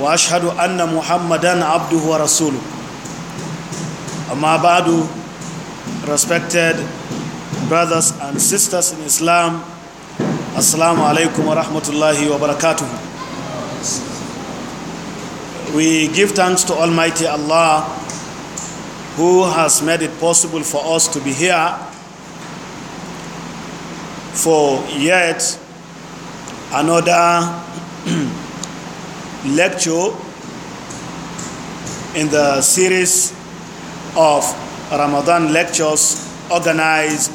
واشهد ان محمدا عبده ورسوله اما بعد respected brothers and sisters in islam assalamu alaikum wa rahmatullahi wa barakatuh we give thanks to almighty allah who has made it possible for us to be here for yet another lecture in the series of Ramadan lectures organized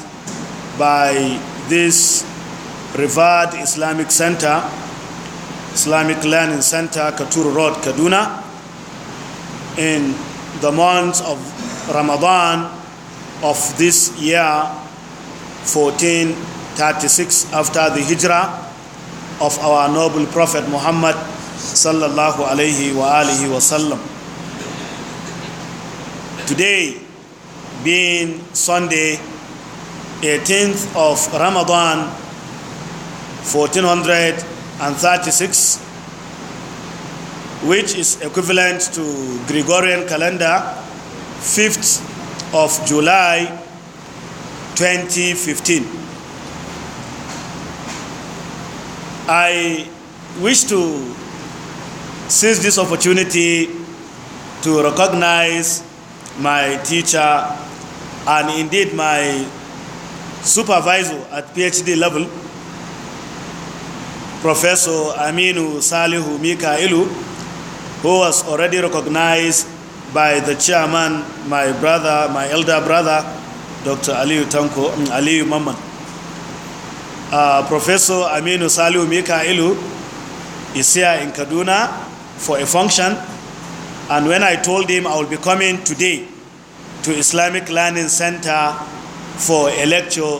by this revered Islamic Center, Islamic Learning Center, Katuru Road, Kaduna, in the month of Ramadan of this year 1436 after the hijrah of our noble prophet Muhammad sallallahu alaihi wa alihi wa sallam today being sunday 18th of ramadan 1436 which is equivalent to gregorian calendar 5th of july 2015 i wish to seize this opportunity to recognize my teacher and indeed my supervisor at PhD level, Professor Aminu Salihu Mikailu, who was already recognized by the chairman, my brother, my elder brother, Dr. Aliyu Tanko, mm, Aliyu Mamman. Uh, Professor Aminu Salihu Mikailu is here in Kaduna for a function and when I told him I will be coming today to Islamic Learning Center for a lecture,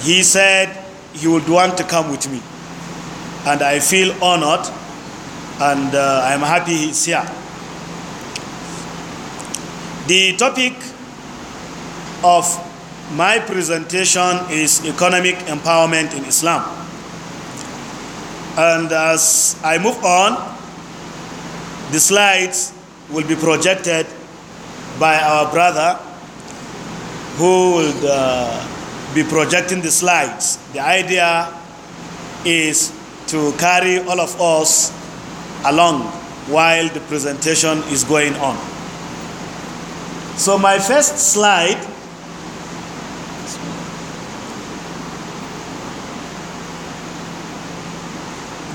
he said he would want to come with me. And I feel honored and uh, I'm happy he's here. The topic of my presentation is economic empowerment in Islam. And as I move on, The slides will be projected by our brother who will uh, be projecting the slides. The idea is to carry all of us along while the presentation is going on. So, my first slide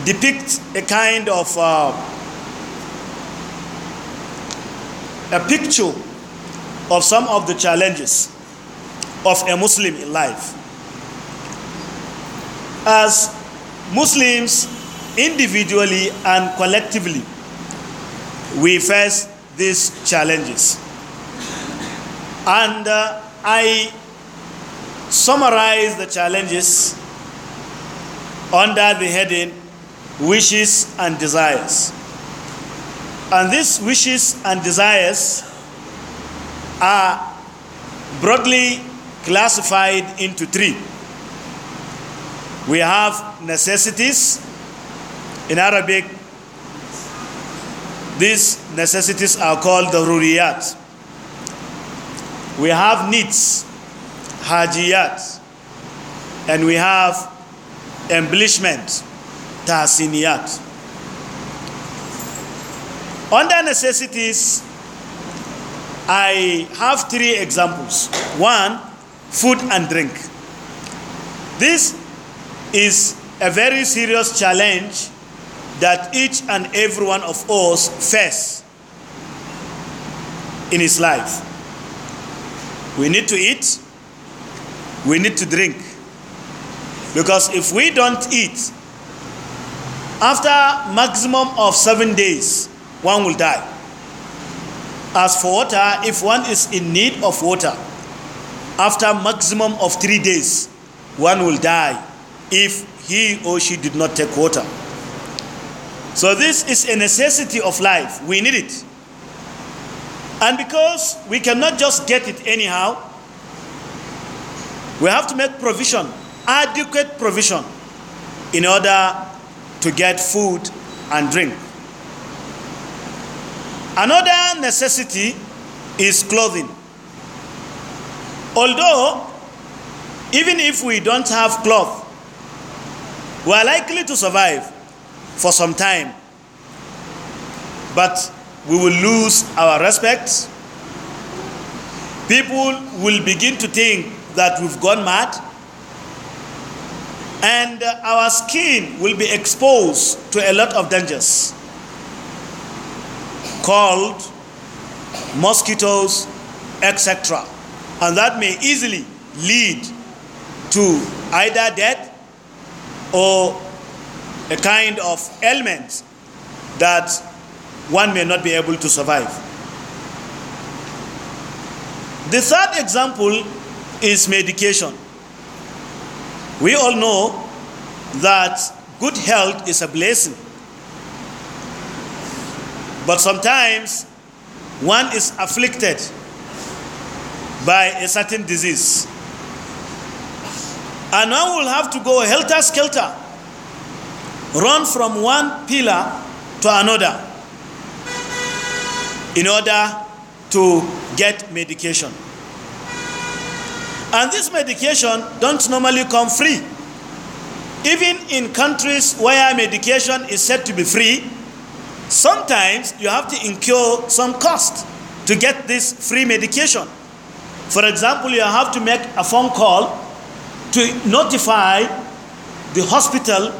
depicts a kind of uh, a picture of some of the challenges of a Muslim in life. As Muslims, individually and collectively, we face these challenges. And uh, I summarize the challenges under the heading Wishes and Desires. And these wishes and desires are broadly classified into three. We have necessities. In Arabic, these necessities are called the ruriyat. We have needs, hajiyat, and we have embellishment, tahsiniyat. Under necessities, I have three examples. One, food and drink. This is a very serious challenge that each and every one of us faces in his life. We need to eat, we need to drink. Because if we don't eat, after maximum of seven days, one will die. As for water, if one is in need of water, after maximum of three days, one will die if he or she did not take water. So, this is a necessity of life. We need it. And because we cannot just get it anyhow, we have to make provision, adequate provision, in order to get food and drink. Another necessity is clothing. Although, even if we don't have cloth, we are likely to survive for some time. But we will lose our respect. People will begin to think that we've gone mad. And our skin will be exposed to a lot of dangers cold, mosquitoes, etc. And that may easily lead to either death or a kind of ailment that one may not be able to survive. The third example is medication. We all know that good health is a blessing but sometimes one is afflicted by a certain disease. And one will have to go helter skelter, run from one pillar to another in order to get medication. And this medication don't normally come free. Even in countries where medication is said to be free, Sometimes you have to incur some cost to get this free medication. For example, you have to make a phone call to notify the hospital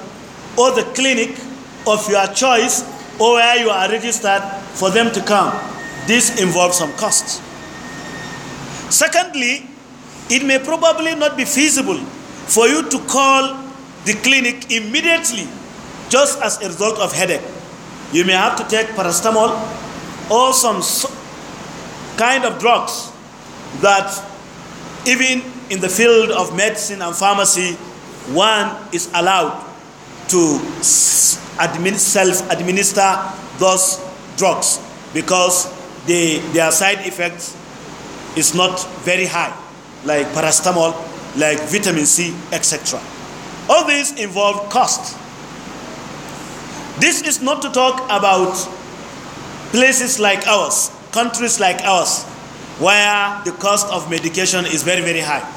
or the clinic of your choice or where you are registered for them to come. This involves some cost. Secondly, it may probably not be feasible for you to call the clinic immediately just as a result of headache you may have to take paracetamol or some kind of drugs that, even in the field of medicine and pharmacy, one is allowed to self administer those drugs because the their side effects is not very high, like paracetamol, like vitamin C, etc. All these involve cost. This is not to talk about places like ours, countries like ours, where the cost of medication is very, very high.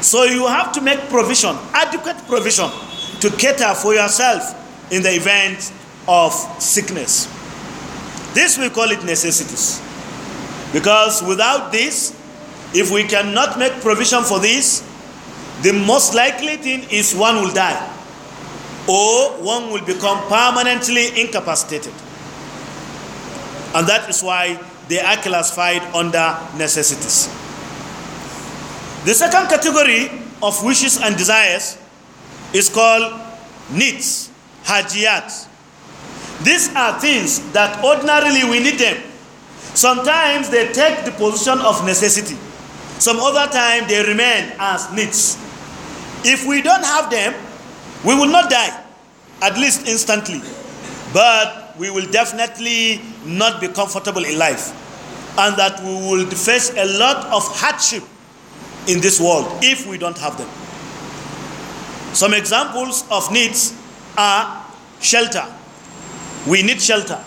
So you have to make provision, adequate provision, to cater for yourself in the event of sickness. This we call it necessities. Because without this, if we cannot make provision for this, the most likely thing is one will die or one will become permanently incapacitated. And that is why they are classified under necessities. The second category of wishes and desires is called needs, hajiyat. These are things that ordinarily we need them. Sometimes they take the position of necessity. Some other time they remain as needs. If we don't have them, we will not die, at least instantly, but we will definitely not be comfortable in life, and that we will face a lot of hardship in this world if we don't have them. Some examples of needs are shelter. We need shelter,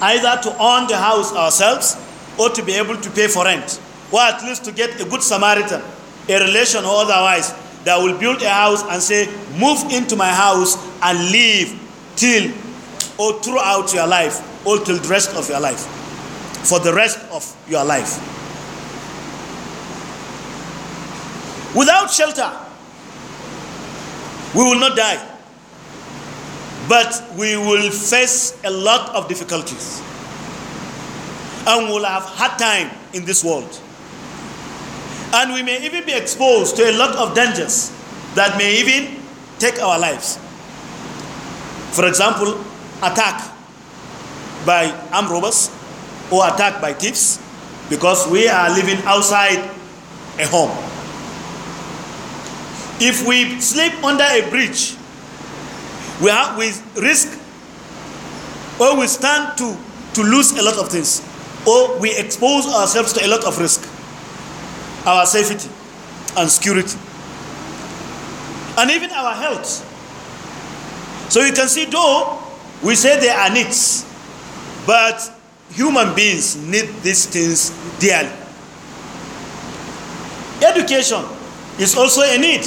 either to own the house ourselves or to be able to pay for rent, or at least to get a good Samaritan, a relation or otherwise, that will build a house and say, Move into my house and live till or throughout your life or till the rest of your life. For the rest of your life. Without shelter, we will not die, but we will face a lot of difficulties and will have hard time in this world. And we may even be exposed to a lot of dangers that may even take our lives. For example, attack by armed robbers or attack by thieves because we are living outside a home. If we sleep under a bridge, we, are, we risk or we stand to, to lose a lot of things or we expose ourselves to a lot of risk our safety and security, and even our health. So you can see, though we say there are needs, but human beings need these things dearly. Education is also a need.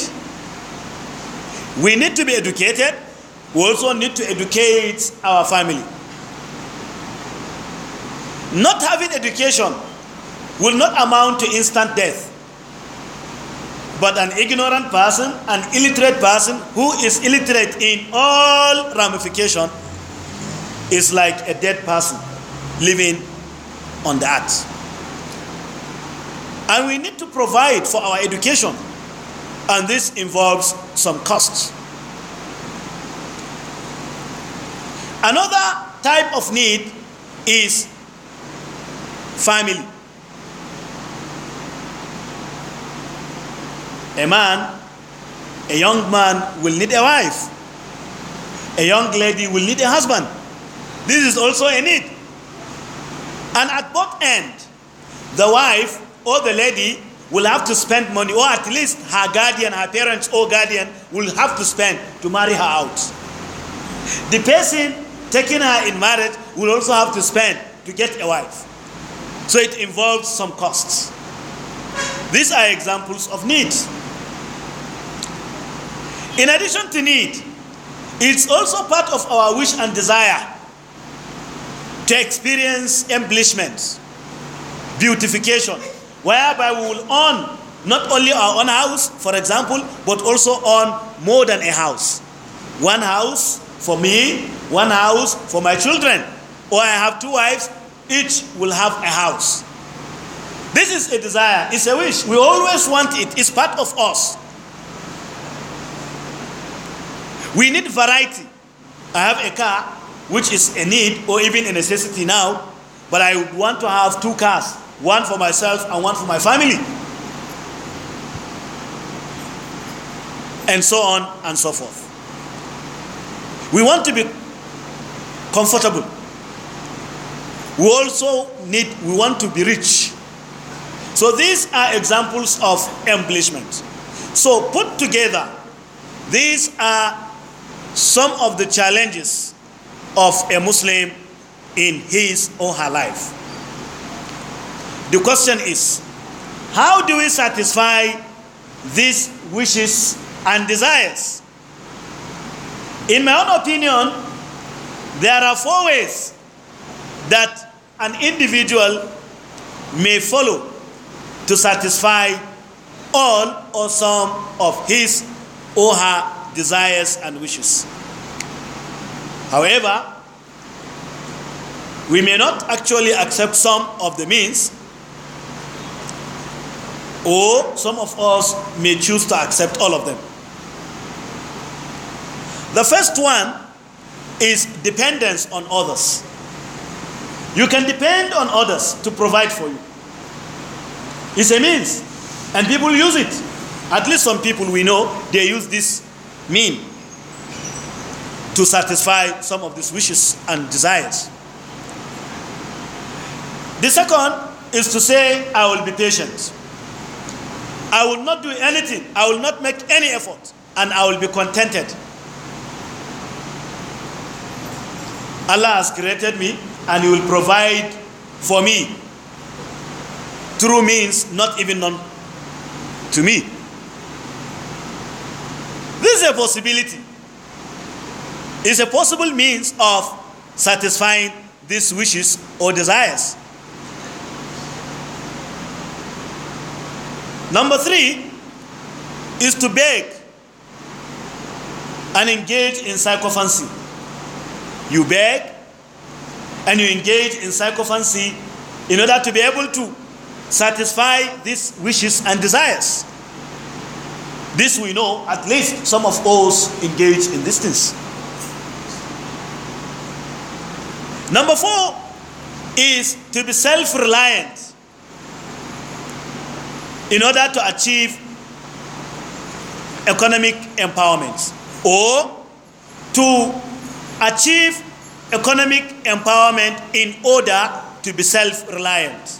We need to be educated, we also need to educate our family. Not having education will not amount to instant death. But an ignorant person, an illiterate person who is illiterate in all ramification is like a dead person living on the earth. And we need to provide for our education, and this involves some costs. Another type of need is family. A man, a young man will need a wife. A young lady will need a husband. This is also a need. And at both ends, the wife or the lady will have to spend money, or at least her guardian, her parents or guardian will have to spend to marry her out. The person taking her in marriage will also have to spend to get a wife. So it involves some costs. These are examples of needs. In addition to need, it's also part of our wish and desire to experience embellishment, beautification, whereby we will own not only our own house, for example, but also own more than a house. One house for me, one house for my children, or I have two wives, each will have a house. This is a desire, it's a wish. We always want it, it's part of us. We need variety. I have a car, which is a need or even a necessity now, but I would want to have two cars one for myself and one for my family. And so on and so forth. We want to be comfortable. We also need, we want to be rich. So these are examples of embellishment. So put together, these are some of the challenges of a Muslim in his or her life. The question is how do we satisfy these wishes and desires? In my own opinion, there are four ways that an individual may follow to satisfy all or some of his or her desires and wishes. However, we may not actually accept some of the means, or some of us may choose to accept all of them. The first one is dependence on others. You can depend on others to provide for you. It's a means, and people use it. At least some people we know, they use this mean to satisfy some of these wishes and desires. The second is to say, I will be patient. I will not do anything, I will not make any effort, and I will be contented. Allah has created me and He will provide for me through means not even known to me. This is a possibility. It's a possible means of satisfying these wishes or desires. Number three is to beg and engage in psychophancy. You beg and you engage in psychophancy in order to be able to satisfy these wishes and desires. This we know, at least some of us engage in these things. Number four is to be self reliant in order to achieve economic empowerment or to achieve economic empowerment in order to be self reliant.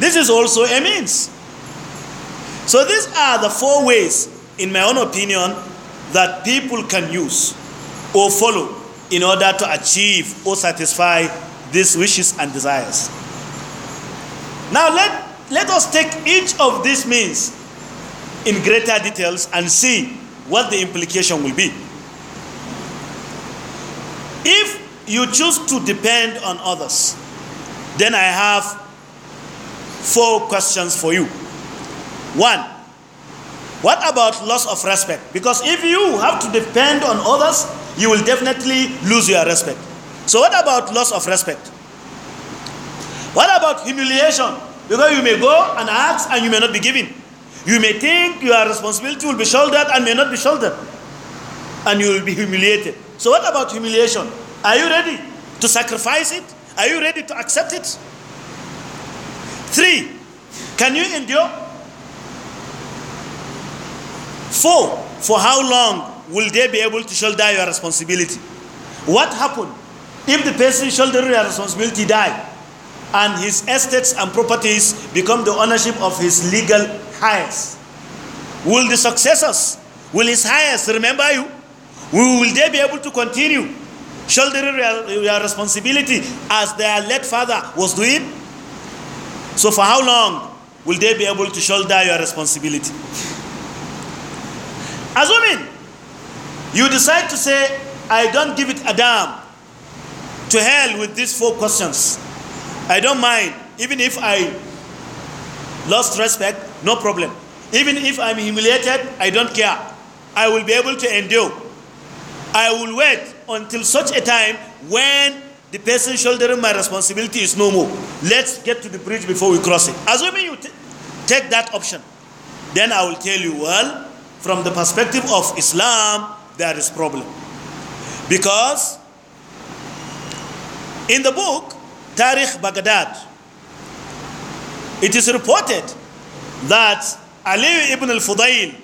This is also a means so these are the four ways, in my own opinion, that people can use or follow in order to achieve or satisfy these wishes and desires. Now let, let us take each of these means in greater details and see what the implication will be. If you choose to depend on others, then I have four questions for you. One, what about loss of respect? Because if you have to depend on others, you will definitely lose your respect. So, what about loss of respect? What about humiliation? Because you may go and ask and you may not be given. You may think your responsibility will be shouldered and may not be shouldered. And you will be humiliated. So, what about humiliation? Are you ready to sacrifice it? Are you ready to accept it? Three, can you endure? Four, for how long will they be able to shoulder your responsibility? What happened if the person shouldering your responsibility die and his estates and properties become the ownership of his legal heirs? Will the successors, will his heirs remember you? Will they be able to continue shouldering your responsibility as their late father was doing? So, for how long will they be able to shoulder your responsibility? Assuming you decide to say, I don't give it a damn to hell with these four questions. I don't mind. Even if I lost respect, no problem. Even if I'm humiliated, I don't care. I will be able to endure. I will wait until such a time when the person shouldering my responsibility is no more. Let's get to the bridge before we cross it. Assuming you take that option, then I will tell you, well, from the perspective of Islam, there is problem. Because in the book, Tariq Baghdad, it is reported that Ali ibn al-Fudayl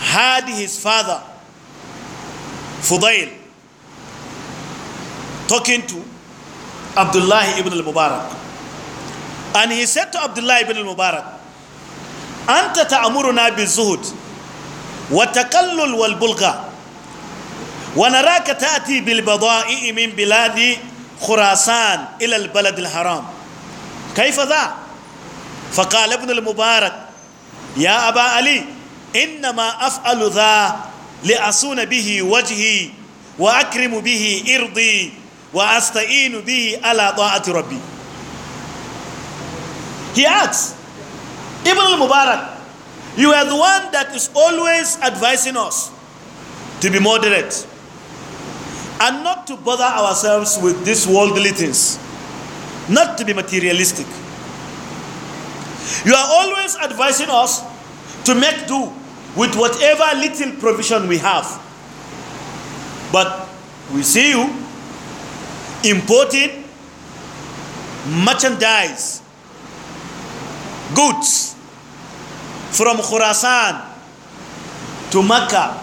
had his father, Fudayl, talking to Abdullah ibn al-Mubarak. And he said to Abdullah ibn al-Mubarak, anta ta'muruna bizuhud wa taqallul wal bulgha wa naraka ta'ti bil bada'i min biladi khurasan ilal al balad al haram kayfa dha fa qala ibn mubarak ya aba ali inna ma af'alu dha li asuna bihi wajhi wa akrimu bihi irdi wa astainu bihi ala ta'ati rabbi he asks Ibn Mubarak, you are the one that is always advising us to be moderate and not to bother ourselves with these worldly things, not to be materialistic. You are always advising us to make do with whatever little provision we have. But we see you importing merchandise, goods from Khurasan to Mecca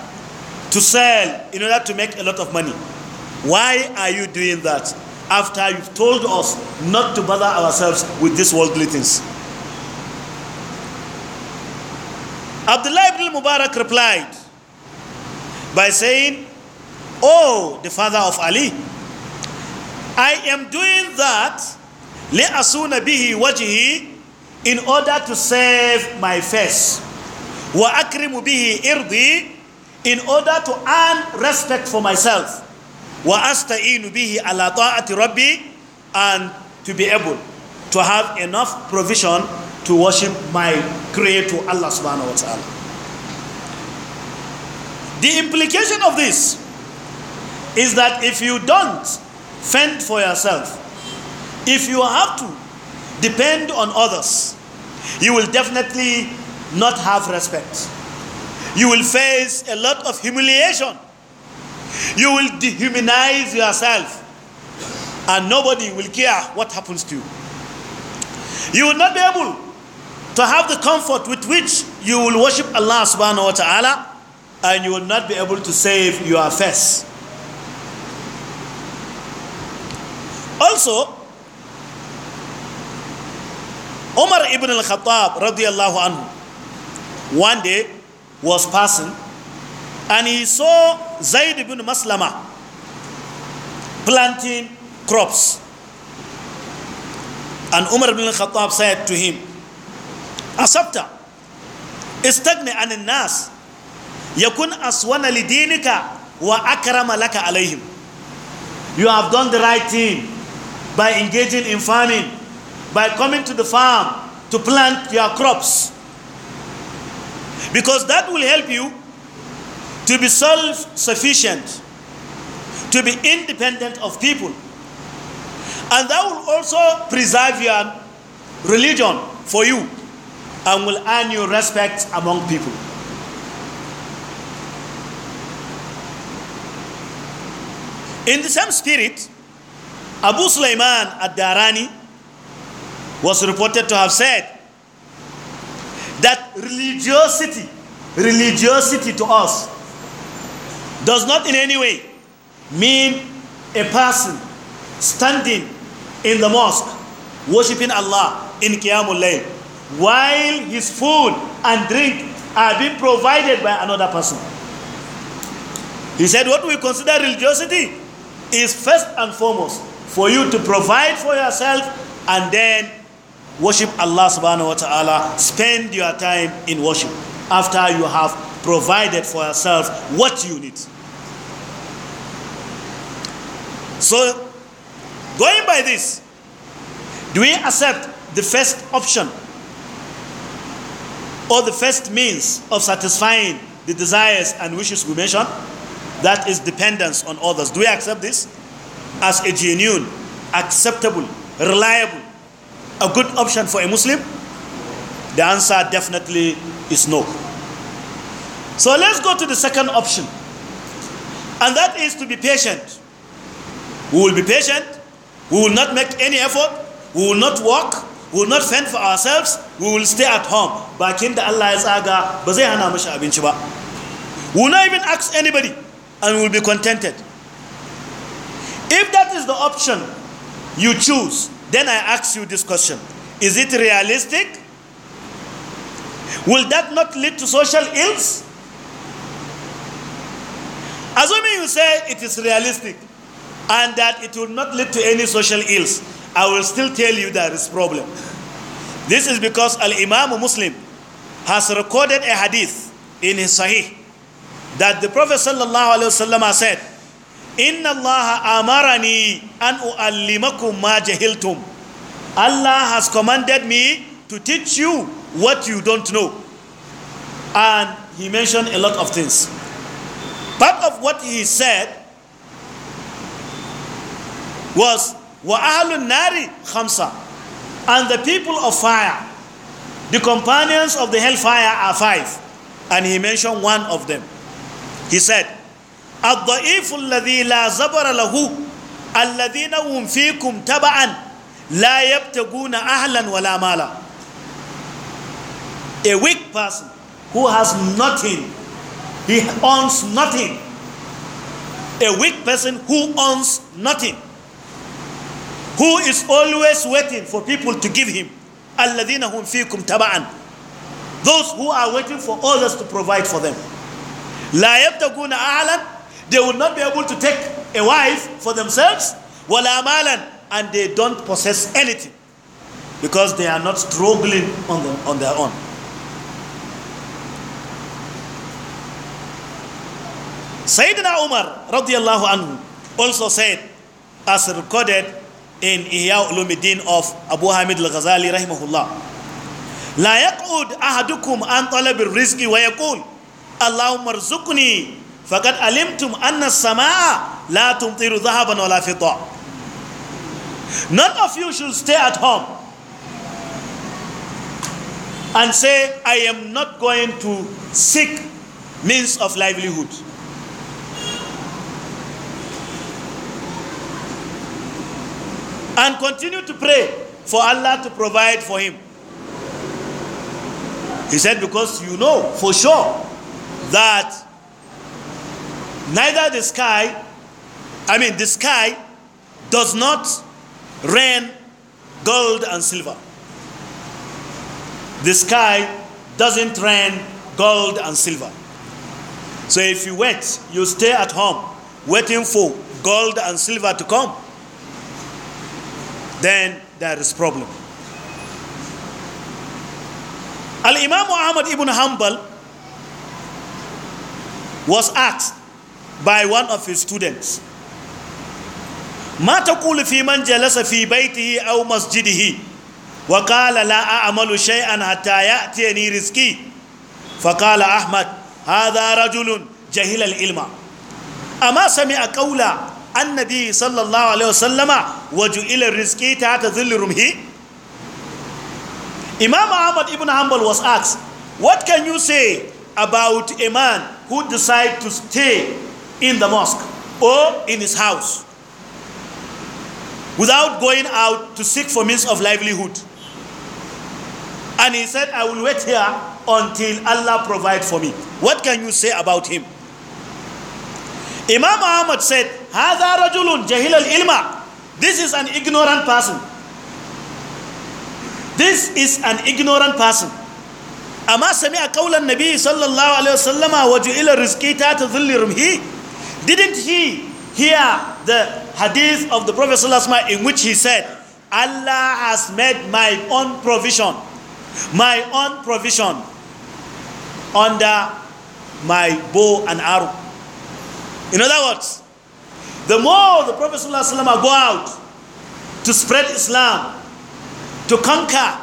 to sell in order to make a lot of money. Why are you doing that after you've told us not to bother ourselves with these worldly things? Abdullah ibn Mubarak replied by saying, Oh, the father of Ali, I am doing that لأصون به وجهي in order to save my face. Wa akrimu bihi irdi in order to earn respect for myself. Wa bihi ala ta'ati rabbi and to be able to have enough provision to worship my creator Allah subhanahu wa ta'ala. The implication of this is that if you don't fend for yourself, if you have to depend on others, you will definitely not have respect. You will face a lot of humiliation. You will dehumanize yourself, and nobody will care what happens to you. You will not be able to have the comfort with which you will worship Allah subhanahu wa ta'ala, and you will not be able to save your affairs. Also, Umar ibn al-Khattab radiyallahu anhu one day was passing and he saw Zaid ibn Maslama planting crops. And Umar ibn al-Khattab said to him, Asabta, istagni anin nas, yakun aswana lidinika wa akrama laka alayhim. You have done the right thing by engaging in farming by coming to the farm to plant your crops. Because that will help you to be self sufficient, to be independent of people. And that will also preserve your religion for you and will earn you respect among people. In the same spirit, Abu Sulaiman ad Darani was reported to have said that religiosity, religiosity to us, does not in any way mean a person standing in the mosque worshipping Allah in Qiyamul Layl while his food and drink are being provided by another person. He said, What we consider religiosity is first and foremost for you to provide for yourself and then worship Allah subhanahu wa ta'ala spend your time in worship after you have provided for yourself what you need so going by this do we accept the first option or the first means of satisfying the desires and wishes we mentioned that is dependence on others do we accept this as a genuine acceptable reliable a good option for a Muslim? The answer definitely is no. So let's go to the second option, and that is to be patient. We will be patient, we will not make any effort, we will not work, we will not fend for ourselves, we will stay at home. Bakin da Allah ya tsaga We will not even ask anybody and we will be contented. If that is the option you choose, then I ask you this question Is it realistic? Will that not lead to social ills? Assuming you say it is realistic and that it will not lead to any social ills, I will still tell you there is problem. This is because Al Imam Muslim has recorded a hadith in his Sahih that the Prophet sallallahu alaihi wasallam said, inna allaha amarani an uallimakum ma jahiltum allah has commanded me to teach you what you don't know and he mentioned a lot of things part of what he said was wa ahlun nari khamsa and the people of fire the companions of the hellfire are five and he mentioned one of them he said الضعيف الذي لا زبر له الذين هم فيكم تبعا لا يبتغون أهلا ولا مالا a weak person who has nothing he owns nothing a weak person who owns nothing who is always waiting for people to give him الذين هم فيكم تبعا those who are waiting for others to provide for them لا يبتغون أهلا They will not be able to take a wife for themselves, wala malan, and they don't possess anything because they are not struggling on, them, on their own. Sayyidina Umar radiallahu anhu also said, as recorded in Ihya Ulumuddin of Abu Hamid al-Ghazali rahimahullah, لا يقعد أحدكم عن طلب الرزق ويقول allahumma ارزقني faqad alimtum anna samaa la tumtiru dhahaban wala fidda none of you should stay at home and say i am not going to seek means of livelihood and continue to pray for Allah to provide for him. He said, Because you know for sure that neither the sky, I mean, the sky does not rain gold and silver. The sky doesn't rain gold and silver. So if you wait, you stay at home waiting for gold and silver to come, then there is problem. Al-Imam Muhammad ibn Hanbal was asked by one of his students mata kuli fi man jalasa fi baitihi aw masjidihi wa qala la a'malu shay'an hatta ya'tiyani rizqi fa qala ahmad hadha rajulun jahila al-ilma ama sami'a an annabi sallallahu alayhi wasallama waj'ila ar-rizqi ta'ta dhillurumhi imam ahmad ibn hanbal was asked what can you say about a man who decided to stay in the mosque or in his house without going out to seek for means of livelihood. And he said, I will wait here until Allah provide for me. What can you say about him? Imam Ahmad said, Hada rajulun jahil al ilma. This is an ignorant person. This is an ignorant person. أما سمع قول النبي صلى الله عليه وسلم وجعل رزقي تحت ظل Didn't he hear the hadith of the Prophet in which he said, Allah has made my own provision, my own provision under my bow and arrow. In other words, the more the Prophet go out to spread Islam, to conquer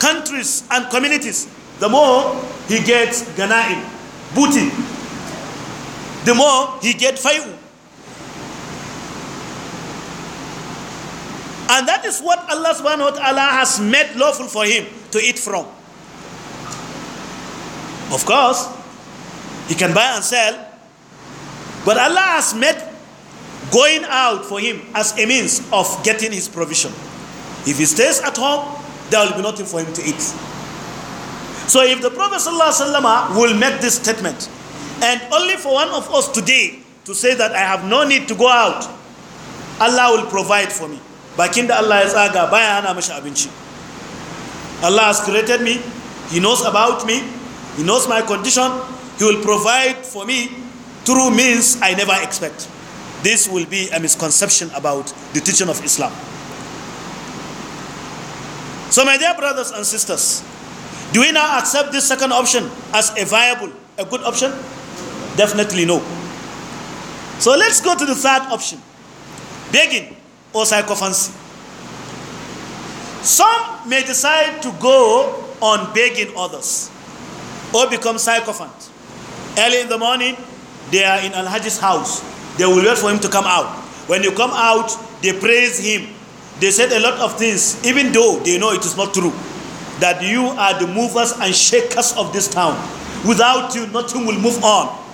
countries and communities, the more he gets Ghanaim, booty, the more he get fai'u And that is what Allah subhanahu wa ta'ala has made lawful for him to eat from. Of course, he can buy and sell, but Allah has made going out for him as a means of getting his provision. If he stays at home, there will be nothing for him to eat. So if the Prophet ﷺ will make this statement, And only for one of us today to say that I have no need to go out, Allah will provide for me. Bakin Allah is aga, Allah has created me, He knows about me, He knows my condition, He will provide for me through means I never expect. This will be a misconception about the teaching of Islam. So, my dear brothers and sisters, do we now accept this second option as a viable, a good option? Definitely no. So let's go to the third option begging or psychophancy. Some may decide to go on begging others or become psychophant. Early in the morning, they are in Al Hajj's house. They will wait for him to come out. When you come out, they praise him. They said a lot of things, even though they know it is not true. That you are the movers and shakers of this town. Without you, nothing will move on.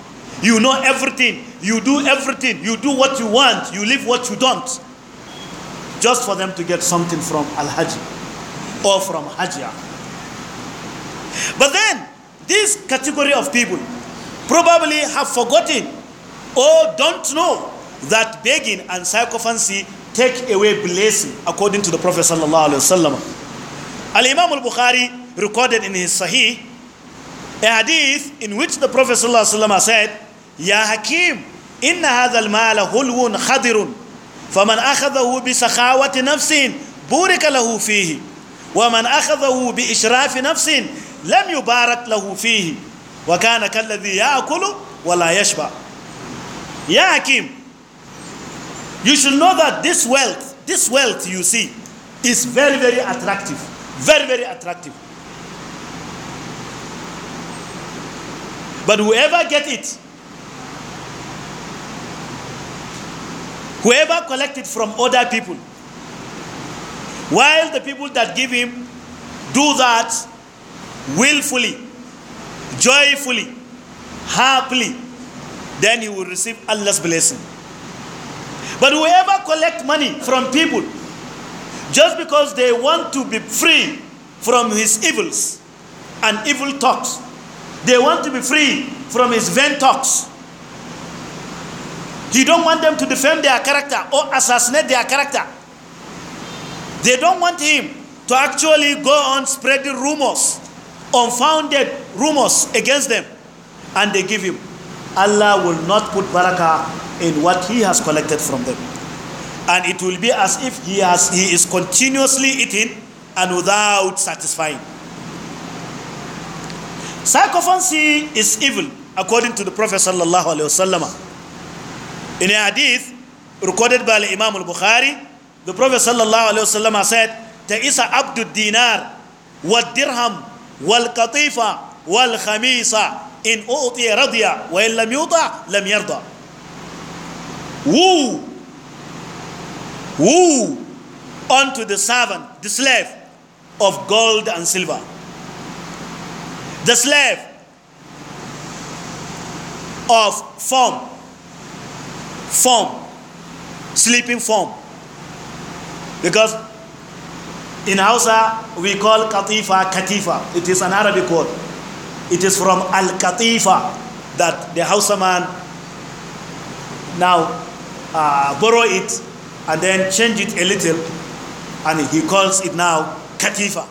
You know everything. You do everything. You do what you want. You live what you don't. Just for them to get something from Al Haji or from Hajia. But then, this category of people probably have forgotten or don't know that begging and psychophancy take away blessing according to the Prophet sallallahu alaihi wasallam. Al Imam al Bukhari recorded in his Sahih a hadith in which the Prophet sallallahu alaihi wasallam said, يا حكيم إن هذا المال هلو خضر فمن أخذه بسخاوة نفس بورك له فيه ومن أخذه بإشراف نفس لم يبارك له فيه وكان كالذي يأكل ولا يشبع يا حكيم you should know that this wealth this wealth you see is very very attractive very very attractive but whoever get it Whoever collected from other people, while the people that give him do that willfully, joyfully, happily, then he will receive Allah's blessing. But whoever collect money from people just because they want to be free from his evils and evil talks, they want to be free from his vain talks, He don't want them to defend their character or assassinate their character. They don't want him to actually go on spreading rumors, unfounded rumors against them. And they give him. Allah will not put barakah in what he has collected from them. And it will be as if he, has, he is continuously eating and without satisfying. Psychophancy is evil according to the Prophet sallallahu alaihi wasallam. In a hadith recorded by Imam al-Bukhari, the Prophet sallallahu alaihi wasallam said, "Ta'isa abdud dinar wal dirham wal qatifa wal khamisa in u'tiya radiya wa in Woo! Woo! Unto the servant, the slave of gold and silver. The slave of form form, sleeping form. Because in Hausa we call katifa katifa. It is an Arabic word. It is from al katifa that the Hausa man now uh, borrow it and then change it a little and he calls it now katifa.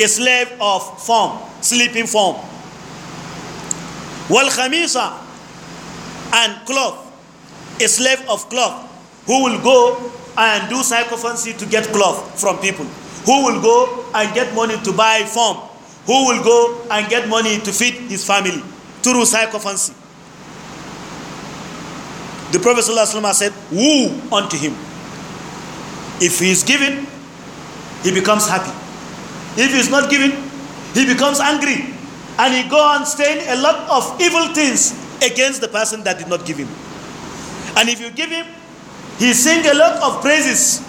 A slave of form, sleeping form. Wal khamisa and cloth a slave of cloth who will go and do sycophancy to get cloth from people, who will go and get money to buy farm, who will go and get money to feed his family through sycophancy. The Prophet ﷺ said, Woo unto him. If he is given, he becomes happy. If he is not given, he becomes angry. And he go on saying a lot of evil things against the person that did not give him. And if you give him, he sing a lot of praises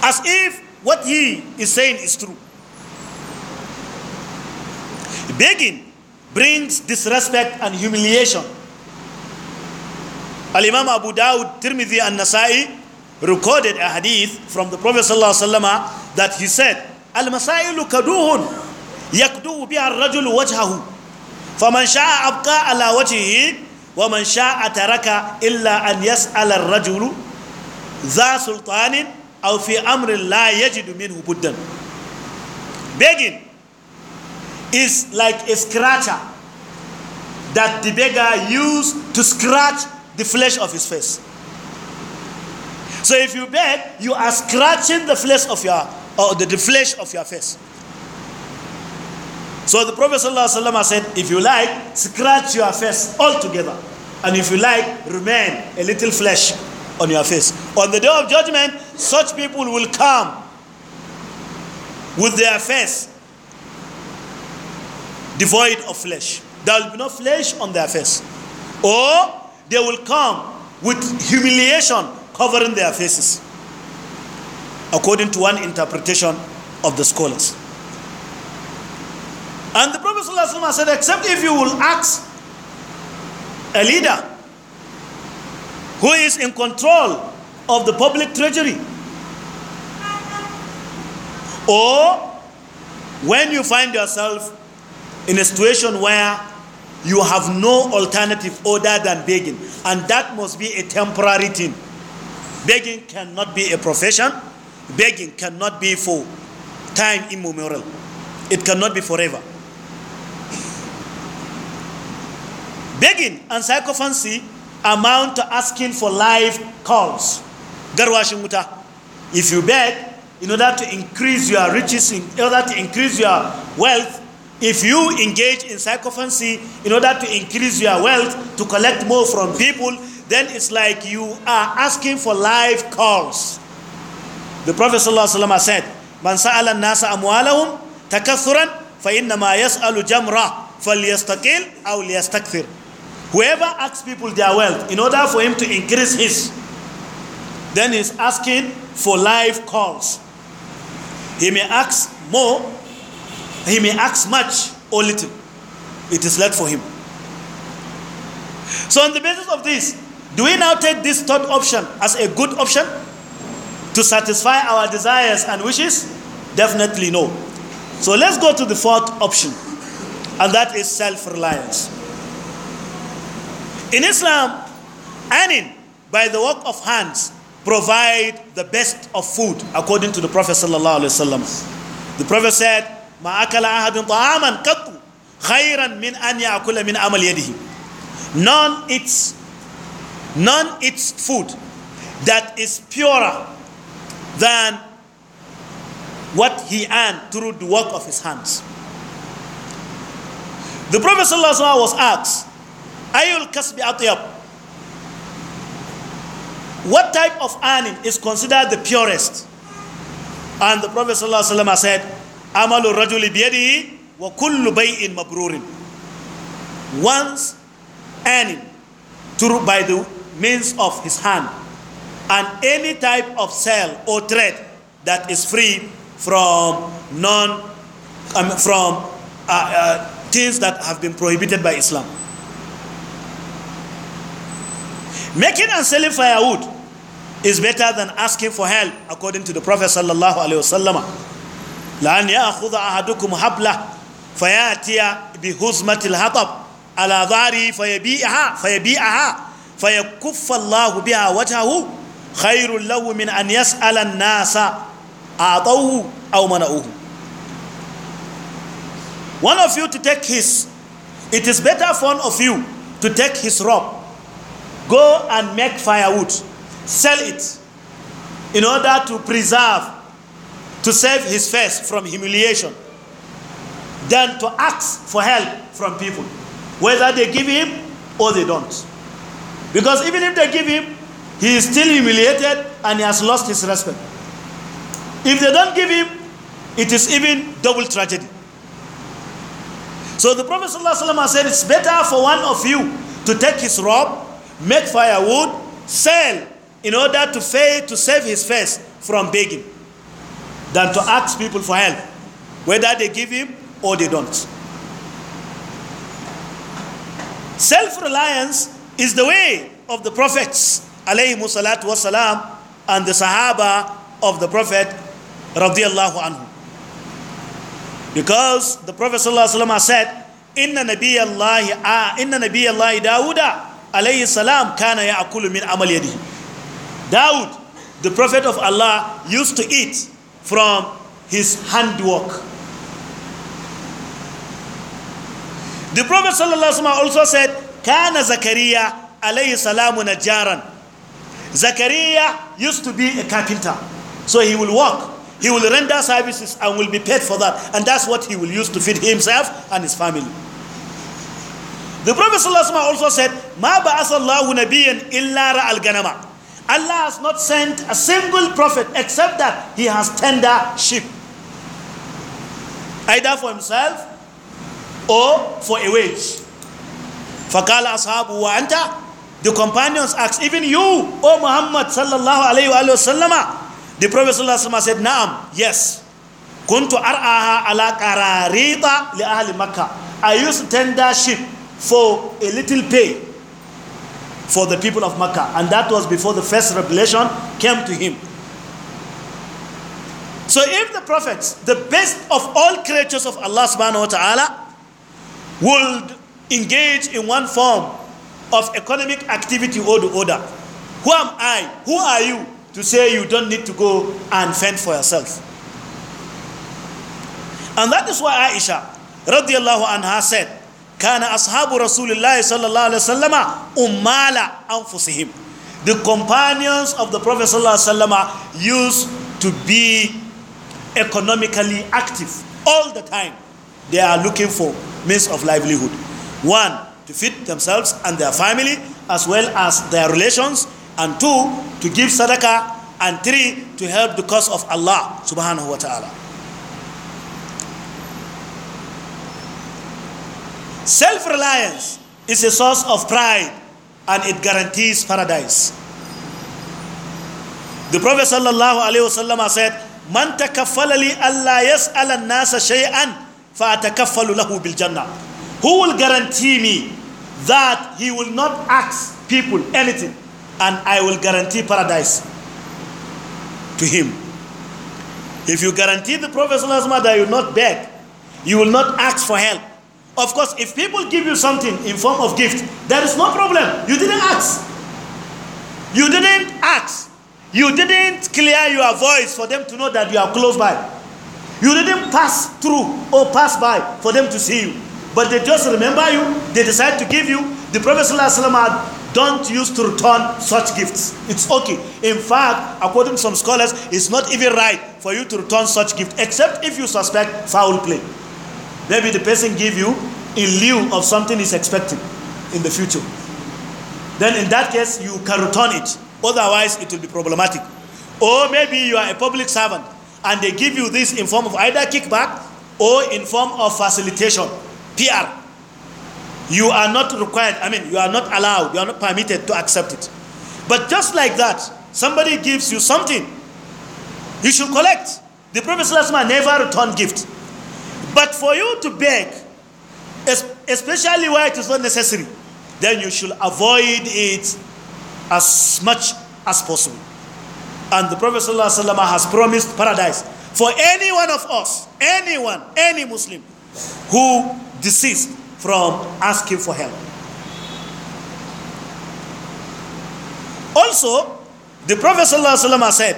as if what he is saying is true. Begging brings disrespect and humiliation. Al Imam Abu Dawud, Tirmidhi, and Nasai recorded a hadith from the Prophet ﷺ that he said, Al Masailu kaduhun yakduhu biha rajul wajhahu. فمن شاء أبقى على وجهه wa man sha'a taraka illa an yas'ala ar-rajulu za sultanin aw fi amrin la yajidu minhu buddan begging is like a scratcher that the beggar used to scratch the flesh of his face. So if you beg, you are scratching the flesh of your or the flesh of your face. So the Prophet ﷺ said, if you like, scratch your face altogether. And if you like, remain a little flesh on your face. On the day of judgment, such people will come with their face devoid of flesh. There will be no flesh on their face. Or they will come with humiliation covering their faces, according to one interpretation of the scholars. And the Prophet ﷺ said, except if you will ask a leader who is in control of the public treasury, or when you find yourself in a situation where you have no alternative other than begging, and that must be a temporary thing. Begging cannot be a profession, begging cannot be for time immemorial, it cannot be forever. Begging and psychophancy amount to asking for live calls. Garwashin If you beg in order to increase your riches, in order to increase your wealth, if you engage in psychophancy in order to increase your wealth, to collect more from people, then it's like you are asking for live calls. The Prophet ﷺ said, Man sa'ala nasa amwalahum takathuran fa innama yas'alu jamra falyastakil aw liyastakthir. Whoever asks people their wealth in order for him to increase his, then he's asking for life calls. He may ask more, he may ask much or little. It is left for him. So, on the basis of this, do we now take this third option as a good option to satisfy our desires and wishes? Definitely no. So, let's go to the fourth option, and that is self reliance. In Islam, earning by the work of hands provide the best of food according to the Prophet sallallahu alaihi wasallam. The Prophet said, "Ma akala ahadun ta'aman qattu khayran min an ya'kula min amal yadihi." None eats none eats food that is purer than what he earned through the work of his hands. The Prophet sallallahu alaihi wasallam was asked, ayul kasbi atyab what type of earning is considered the purest and the prophet sallallahu alaihi wasallam said amalu rajuli biyadihi wa kullu bay'in mabrurin one's earning through by the means of his hand and any type of sale or trade that is free from non um, from uh, uh, things that have been prohibited by Islam. making and selling firewood is better than asking for help according to the prophet sallallahu alaihi wasallam la'an an ya'khudha ahadukum habla fayatiya huzmatil hatab ala dhari fayabi'aha fayabi'aha fayakuffa Allah biha wajhahu khairul lahu min an yas'ala an-nasa atawhu aw mana'uhu one of you to take his it is better for one of you to take his rope Go and make firewood, sell it in order to preserve, to save his face from humiliation, than to ask for help from people, whether they give him or they don't. Because even if they give him, he is still humiliated and he has lost his respect. If they don't give him, it is even double tragedy. So the Prophet ﷺ has said, It's better for one of you to take his robe make firewood, sell in order to, fail, to save his face from begging than to ask people for help, whether they give him or they don't. Self reliance is the way of the prophets والسلام, and the Sahaba of the Prophet. Anhu. Because the Prophet has said, Inna Nabi Allah, ah, Inna Nabi Allah Dawuda alayhi salam kana ya'kulu min amal yadi Daud the prophet of Allah used to eat from his handwork the prophet sallallahu alaihi wasallam also said kana Zakaria, alayhi salamu najaran Zakaria used to be a carpenter so he will work he will render services and will be paid for that and that's what he will use to feed himself and his family The Prophet ﷺ also said, Ma ba'asallahu nabiyan illa ra'al ganama. Allah has not sent a single prophet except that he has tender sheep. Either for himself or for a wage. Fakala ashabu wa anta. The companions asked, even you, O Muhammad sallallahu alayhi wa sallama. The Prophet sallallahu alayhi wa said, Naam, yes. Kuntu ar'aha ala kararita li ahli Makkah. I used tender sheep for a little pay for the people of Makkah. And that was before the first revelation came to him. So if the prophets, the best of all creatures of Allah subhanahu wa ta'ala, would engage in one form of economic activity or the other, who am I? Who are you to say you don't need to go and fend for yourself? And that is why Aisha radiallahu anha said, kana ashabu rasulullahi sallallahu alaihi wasallama ummala anfusihim the companions of the prophet sallallahu alaihi wasallama used to be economically active all the time they are looking for means of livelihood one to feed themselves and their family as well as their relations and two to give sadaka. and three to help the cause of Allah subhanahu wa ta'ala Self reliance is a source of pride and it guarantees paradise. The Prophet ﷺ said, Man takaffala li alla yas'ala nasa shay'an fa atakaffalu lahu bil jannah. Who will guarantee me that he will not ask people anything and I will guarantee paradise to him. If you guarantee the Prophet ﷺ that you will not beg, you will not ask for help, of course, if people give you something in form of gift, there is no problem. You didn't ask. You didn't ask. You didn't clear your voice for them to know that you are close by. You didn't pass through or pass by for them to see you. But they just remember you, they decide to give you. The Prophet ﷺ had don't use to return such gifts. It's okay. In fact, according to some scholars, it's not even right for you to return such gift except if you suspect foul play. Maybe the person give you in lieu of something he's expecting in the future. Then in that case, you can return it. Otherwise, it will be problematic. Or maybe you are a public servant and they give you this in form of either kickback or in form of facilitation, PR. You are not required, I mean, you are not allowed, you are not permitted to accept it. But just like that, somebody gives you something, you should collect. The Prophet never returned gift. But for you to beg, especially where it is not necessary, then you should avoid it as much as possible. And the Prophet ﷺ has promised paradise for any one of us, anyone, any Muslim who deceased from asking for help. Also, the Prophet ﷺ said,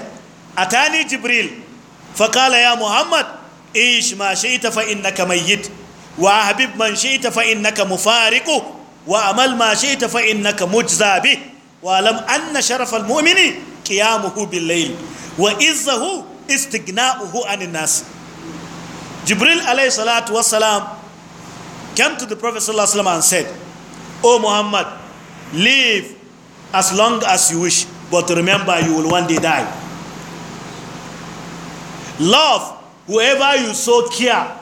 Atani Jibril, فقال يا ish ma shi'ta fa innaka mayyit wa habib man shi'ta fa innaka mufariqu wa amal ma shi'ta fa innaka mujza bi wa lam anna sharafal mu'mini qiyamuhu bil layl wa izzahu istighna'uhu anin nas jibril alayhi salatu wassalam came to the prophet sallallahu and said oh muhammad live as long as you wish but remember you will one day die love whoever you so care,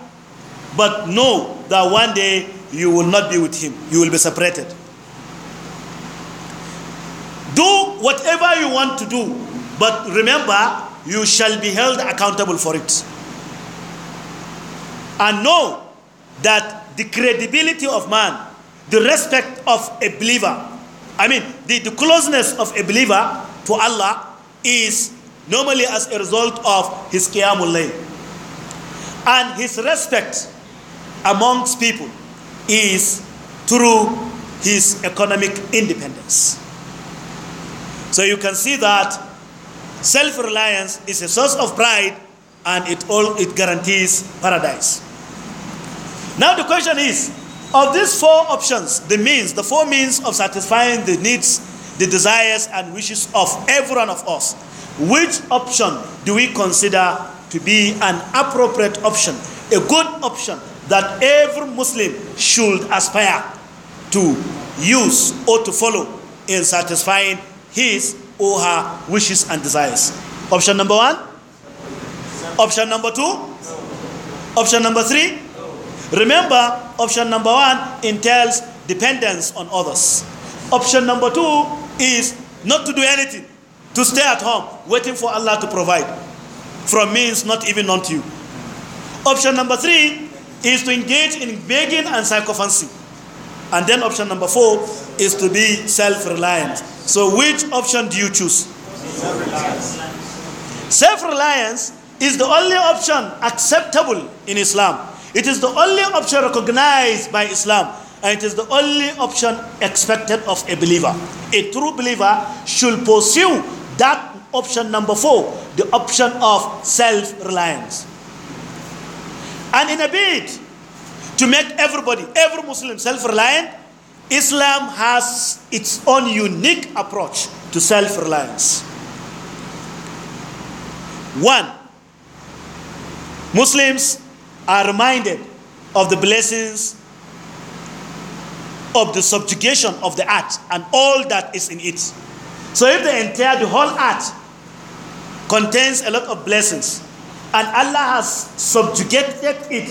but know that one day you will not be with him, you will be separated. Do whatever you want to do, but remember, you shall be held accountable for it. And know that the credibility of man, the respect of a believer, I mean, the, the closeness of a believer to Allah is normally as a result of his Qiyamul Layl. and his respect amongst people is through his economic independence. So you can see that self reliance is a source of pride and it, all, it guarantees paradise. Now, the question is of these four options, the means, the four means of satisfying the needs, the desires, and wishes of every one of us, which option do we consider to be an appropriate option, a good option that every Muslim should aspire to use or to follow in satisfying his or her wishes and desires. Option number one? Option number two? Option number three? Remember, option number one entails dependence on others. Option number two is not to do anything, to stay at home, waiting for Allah to provide from means not even unto you. Option number three is to engage in begging and sycophancy. And then option number four is to be self reliant. So, which option do you choose? Self reliance. Self reliance is the only option acceptable in Islam. It is the only option recognized by Islam. And it is the only option expected of a believer. A true believer should pursue that Option number four, the option of self reliance. And in a bid to make everybody, every Muslim self reliant, Islam has its own unique approach to self reliance. One, Muslims are reminded of the blessings of the subjugation of the earth and all that is in it. So if the entire, the whole earth contains a lot of blessings and Allah has subjugated it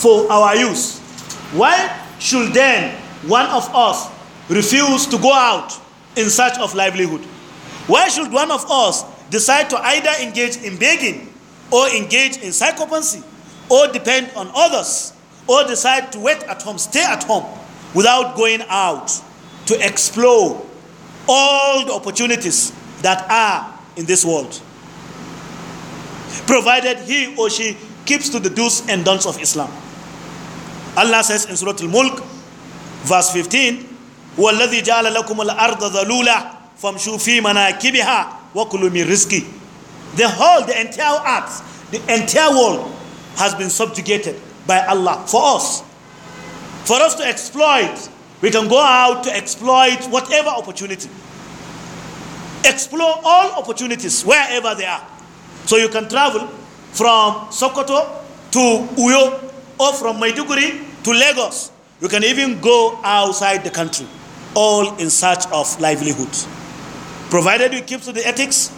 for our use, why should then one of us refuse to go out in search of livelihood? Why should one of us decide to either engage in begging or engage in psychopathy or depend on others or decide to wait at home, stay at home without going out to explore all the opportunities that are in this world, provided he or she keeps to the do's and don'ts of Islam. Allah says in Surah Al Mulk, verse 15, وَالَّذِي جَعَلَ لَكُمُ الْأَرْضَ ذَلُولًا فَامْشُوا فِي مَنَاكِبِهَا وَكُلُوا مِنْ رِزْقِهِ The whole, the entire earth, the entire world has been subjugated by Allah for us. For us to exploit We can go out to exploit whatever opportunity. Explore all opportunities wherever they are. So you can travel from Sokoto to Uyo or from Maiduguri to Lagos. You can even go outside the country, all in search of livelihood. Provided you keep to the ethics,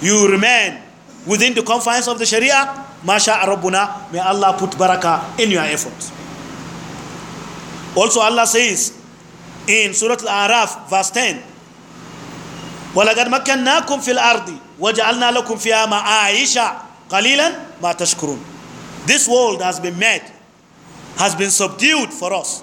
you remain within the confines of the Sharia, Masha Arabuna, may Allah put baraka in your efforts. Also Allah says in Surah Al-Araf verse 10 وَلَقَدْ مَكَّنَّاكُمْ فِي الْأَرْضِ وَجَعَلْنَا لَكُمْ فِيهَا مَعَايِشَ قَلِيلًا مَا تَشْكُرُونَ This world has been made, has been subdued for us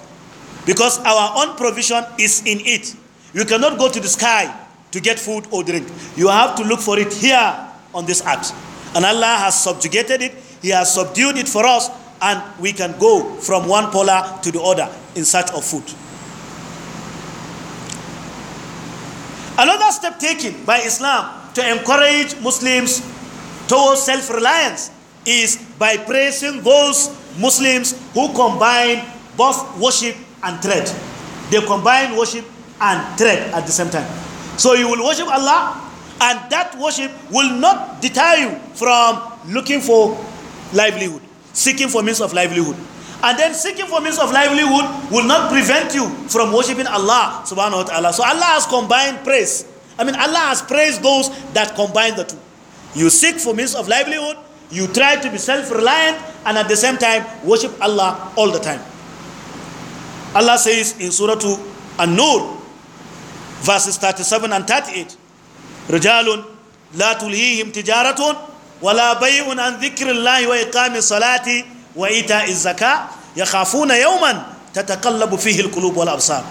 because our own provision is in it. You cannot go to the sky to get food or drink. You have to look for it here on this earth. And Allah has subjugated it. He has subdued it for us and we can go from one polar to the other in search of food. Another step taken by Islam to encourage Muslims towards self reliance is by praising those Muslims who combine both worship and trade. They combine worship and trade at the same time. So you will worship Allah, and that worship will not deter you from looking for livelihood seeking for means of livelihood. And then seeking for means of livelihood will not prevent you from worshiping Allah subhanahu wa ta'ala. So Allah has combined praise. I mean, Allah has praised those that combine the two. You seek for means of livelihood, you try to be self reliant, and at the same time worship Allah all the time. Allah says in Surah 2 An Nur, verses 37 and 38, رجال لا تلهيهم تجارة wala bai'un an lahi wa iqamis salati wa ita ita'iz zaka yakhafuna yawman tataqallabu fihi alqulub wal absar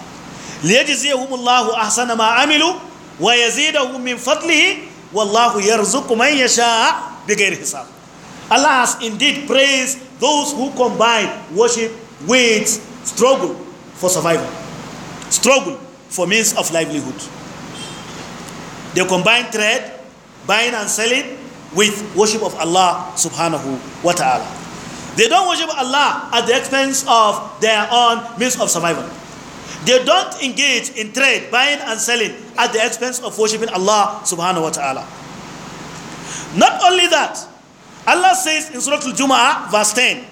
liyajziyahumullahu ahsana ma amilu wa yazidahum min fadlihi wallahu yarzuqu man yasha bighairi hisab Allah has indeed praised those who combine worship with struggle for survival struggle for means of livelihood The combine trade buying and selling with worship of Allah subhanahu wa ta'ala. They don't worship Allah at the expense of their own means of survival. They don't engage in trade, buying and selling at the expense of worshiping Allah subhanahu wa ta'ala. Not only that, Allah says in Surah Al-Jumu'ah, verse 10,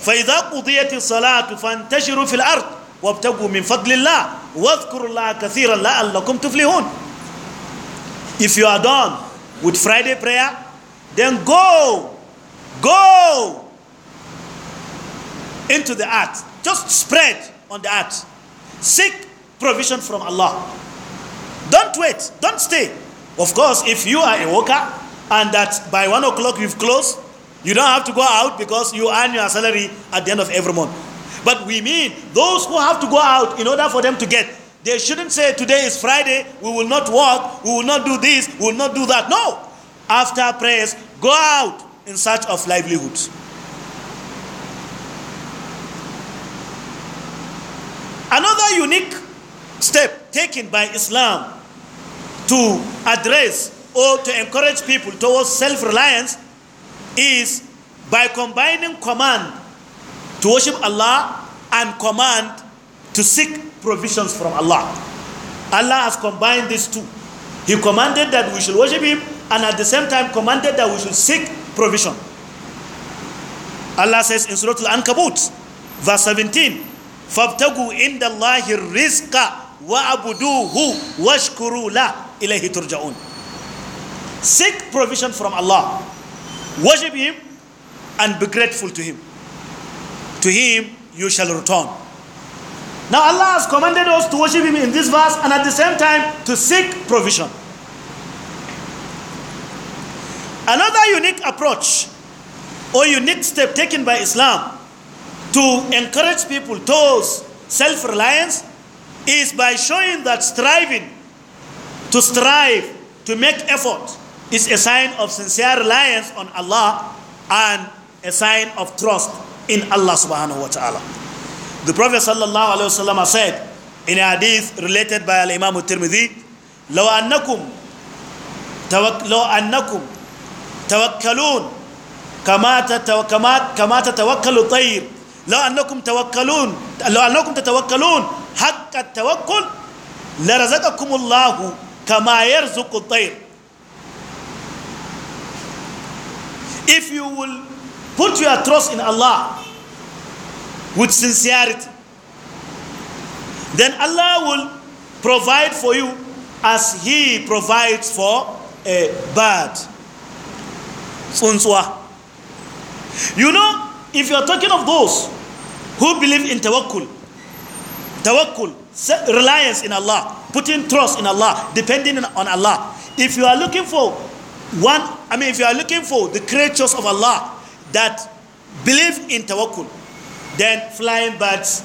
فَإِذَا قُضِيَتِ الصَّلَاةُ فَانْتَشِرُوا فِي الْأَرْضِ وَابْتَغُوا مِنْ فَضْلِ اللَّهِ وَاذْكُرُوا اللَّهَ كَثِيرًا لَعَلَّكُمْ تُفْلِحُونَ If you are done with Friday prayer, then go, go into the earth. Just spread on the earth. Seek provision from Allah. Don't wait. Don't stay. Of course, if you are a worker and that by one o'clock you've closed, you don't have to go out because you earn your salary at the end of every month. But we mean those who have to go out in order for them to get, they shouldn't say today is Friday, we will not work, we will not do this, we will not do that. No! after prayers, go out in search of livelihoods. Another unique step taken by Islam to address or to encourage people towards self reliance is by combining command to worship Allah and command to seek provisions from Allah. Allah has combined these two. He commanded that we should worship Him and at the same time commanded that we should seek provision. Allah says in Surah Al-Ankabut, verse 17, فَابْتَغُوا إِنَّ اللَّهِ الرِّزْقَ وَأَبُدُوهُ وَاشْكُرُوا لَهُ إِلَيْهِ تُرْجَعُونَ Seek provision from Allah. Worship Him and be grateful to Him. To Him you shall return. Now Allah has commanded us to worship Him in this verse and at the same time to seek provision. Another unique approach or unique step taken by Islam to encourage people towards self reliance is by showing that striving, to strive, to make effort, is a sign of sincere reliance on Allah and a sign of trust in Allah subhanahu wa ta'ala. The Prophet sallallahu alayhi wa sallam said in a hadith related by Imam al-Tirmidhi, لو أنكم لو أنكم توكلون كما كما كما تتوكل الطير لو انكم توكلون لو انكم تتوكلون حق التوكل لرزقكم الله كما يرزق الطير if you will put your trust in Allah with sincerity then Allah will provide for you as he provides for a bird tsuntsuwa you know if you are talking of those who believe in tawakkul tawakkul reliance in Allah putting trust in Allah depending on Allah if you are looking for one I mean if you are looking for the creatures of Allah that believe in tawakkul then flying birds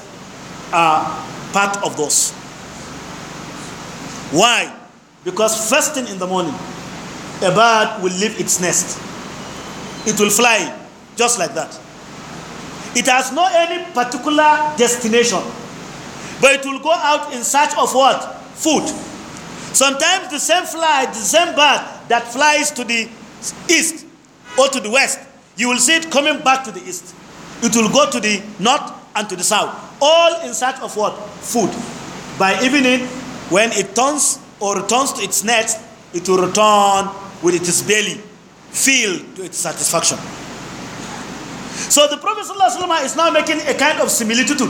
are part of those why because first thing in the morning a bird will leave its nest it will fly just like that. It has no any particular destination, but it will go out in search of what? Food. Sometimes the same fly, the same bird that flies to the east or to the west, you will see it coming back to the east. It will go to the north and to the south, all in search of what? Food. By evening, when it turns or returns to its nest, it will return with its belly feel to its satisfaction. So the Prophet ﷺ is now making a kind of similitude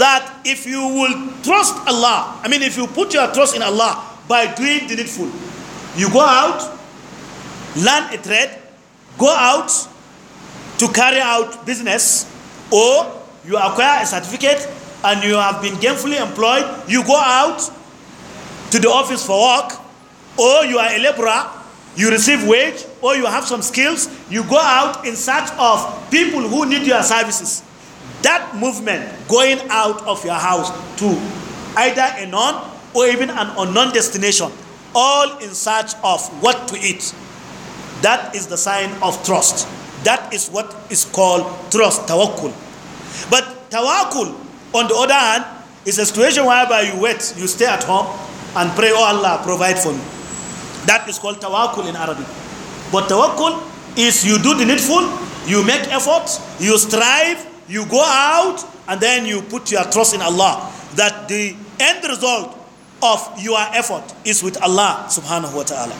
that if you will trust Allah, I mean, if you put your trust in Allah by doing the needful, you go out, learn a trade, go out to carry out business, or you acquire a certificate and you have been gainfully employed, you go out to the office for work, or you are a laborer you receive wage or you have some skills, you go out in search of people who need your services. That movement going out of your house to either a non or even an unknown destination, all in search of what to eat. That is the sign of trust. That is what is called trust, tawakkul. But tawakkul, on the other hand, is a situation whereby you wait, you stay at home and pray, Oh Allah, provide for me. That is called tawakkul in Arabic. But tawakkul is you do the needful, you make effort, you strive, you go out, and then you put your trust in Allah. That the end result of your effort is with Allah subhanahu wa ta'ala.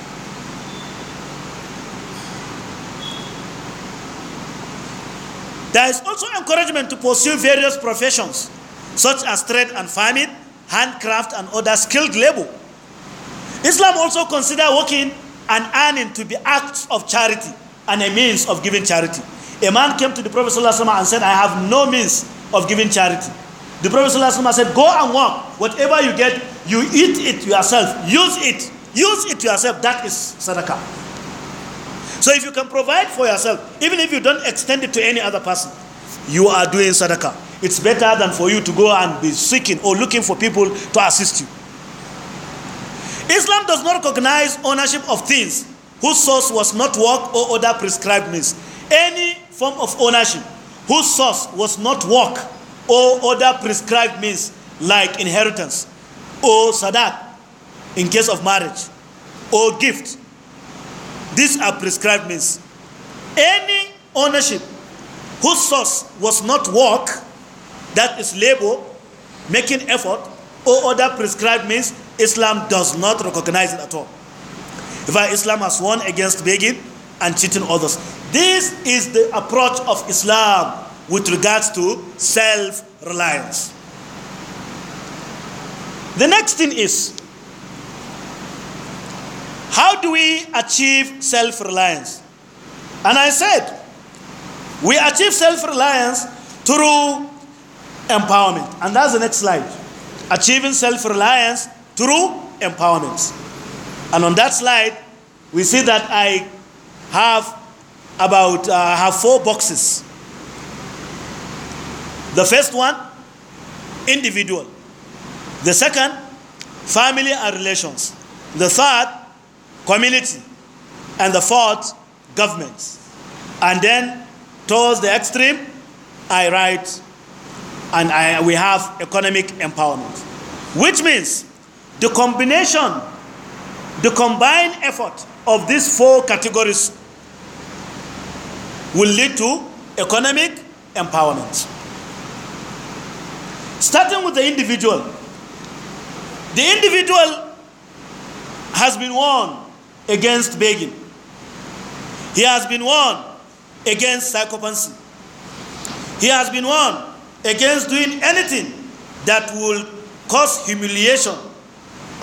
There is also encouragement to pursue various professions such as trade and farming, handcraft, and other skilled labor Islam also considers working and earning to be acts of charity and a means of giving charity. A man came to the Prophet ﷺ and said, I have no means of giving charity. The Prophet ﷺ said, Go and work. Whatever you get, you eat it yourself. Use it. Use it yourself. That is sadaqah. So if you can provide for yourself, even if you don't extend it to any other person, you are doing sadaqah. It's better than for you to go and be seeking or looking for people to assist you. Islam does not recognize ownership of things whose source was not work or other prescribed means. Any form of ownership whose source was not work or other prescribed means, like inheritance or sadaq in case of marriage or gift, these are prescribed means. Any ownership whose source was not work, that is labor, making effort, or other prescribed means, Islam does not recognize it at all. why? Islam has won against begging and cheating others. This is the approach of Islam with regards to self reliance. The next thing is how do we achieve self reliance? And I said, we achieve self reliance through empowerment. And that's the next slide. Achieving self reliance through empowerment. And on that slide, we see that I have about uh, have four boxes. The first one, individual. The second, family and relations. The third, community. And the fourth, government. And then towards the extreme, I write and I, we have economic empowerment. Which means The combination, the combined effort of these four categories will lead to economic empowerment. Starting with the individual, the individual has been won against begging, he has been won against psychopathy, he has been won against doing anything that will cause humiliation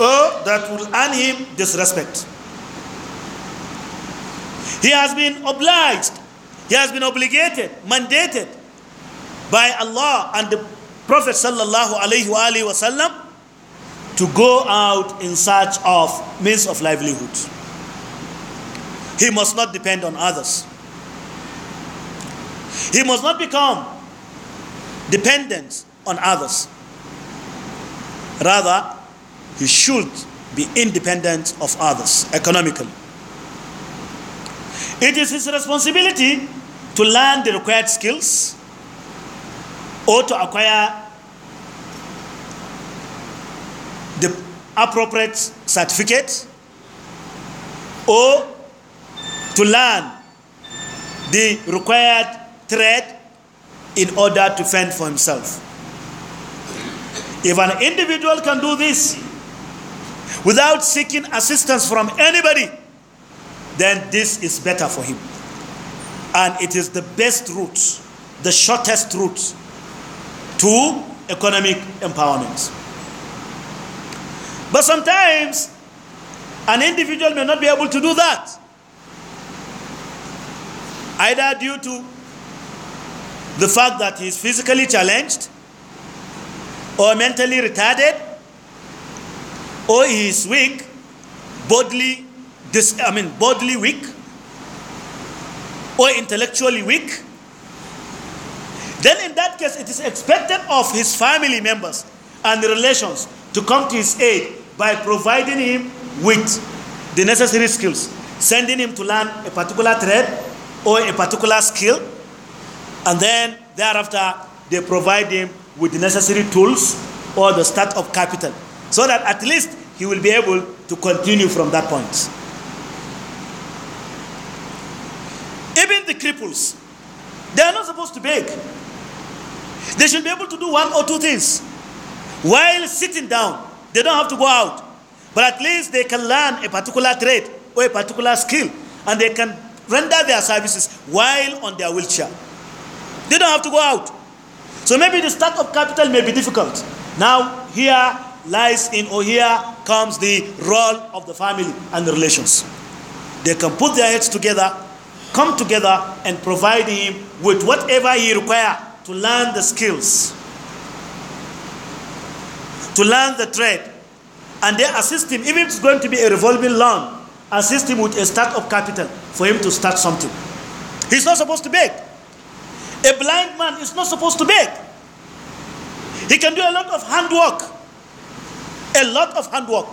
or oh, that will earn him disrespect. He has been obliged, he has been obligated, mandated by Allah and the Prophet sallallahu alaihi wasallam to go out in search of means of livelihood. He must not depend on others. He must not become dependent on others. Rather, he should be independent of others economically. It is his responsibility to learn the required skills or to acquire the appropriate certificate or to learn the required trade in order to fend for himself. If an individual can do this, without seeking assistance from anybody, then this is better for him. And it is the best route, the shortest route to economic empowerment. But sometimes an individual may not be able to do that, either due to the fact that he is physically challenged or mentally retarded or oh, is weak, bodily, dis- I mean, bodily weak, or oh, intellectually weak, then in that case, it is expected of his family members and relations to come to his aid by providing him with the necessary skills, sending him to learn a particular trade or a particular skill, and then thereafter they provide him with the necessary tools or the start of capital so that at least he will be able to continue from that point. Even the cripples, they are not supposed to beg. They should be able to do one or two things. While sitting down, they don't have to go out. But at least they can learn a particular trade or a particular skill and they can render their services while on their wheelchair. They don't have to go out. So maybe the start of capital may be difficult. Now, here lies in or here comes the role of the family and the relations. They can put their heads together, come together, and provide him with whatever he requires to learn the skills, to learn the trade. And they assist him, even if it's going to be a revolving loan, assist him with a start-up capital for him to start something. He's not supposed to beg. A blind man is not supposed to beg. He can do a lot of handwork a lot of handwork.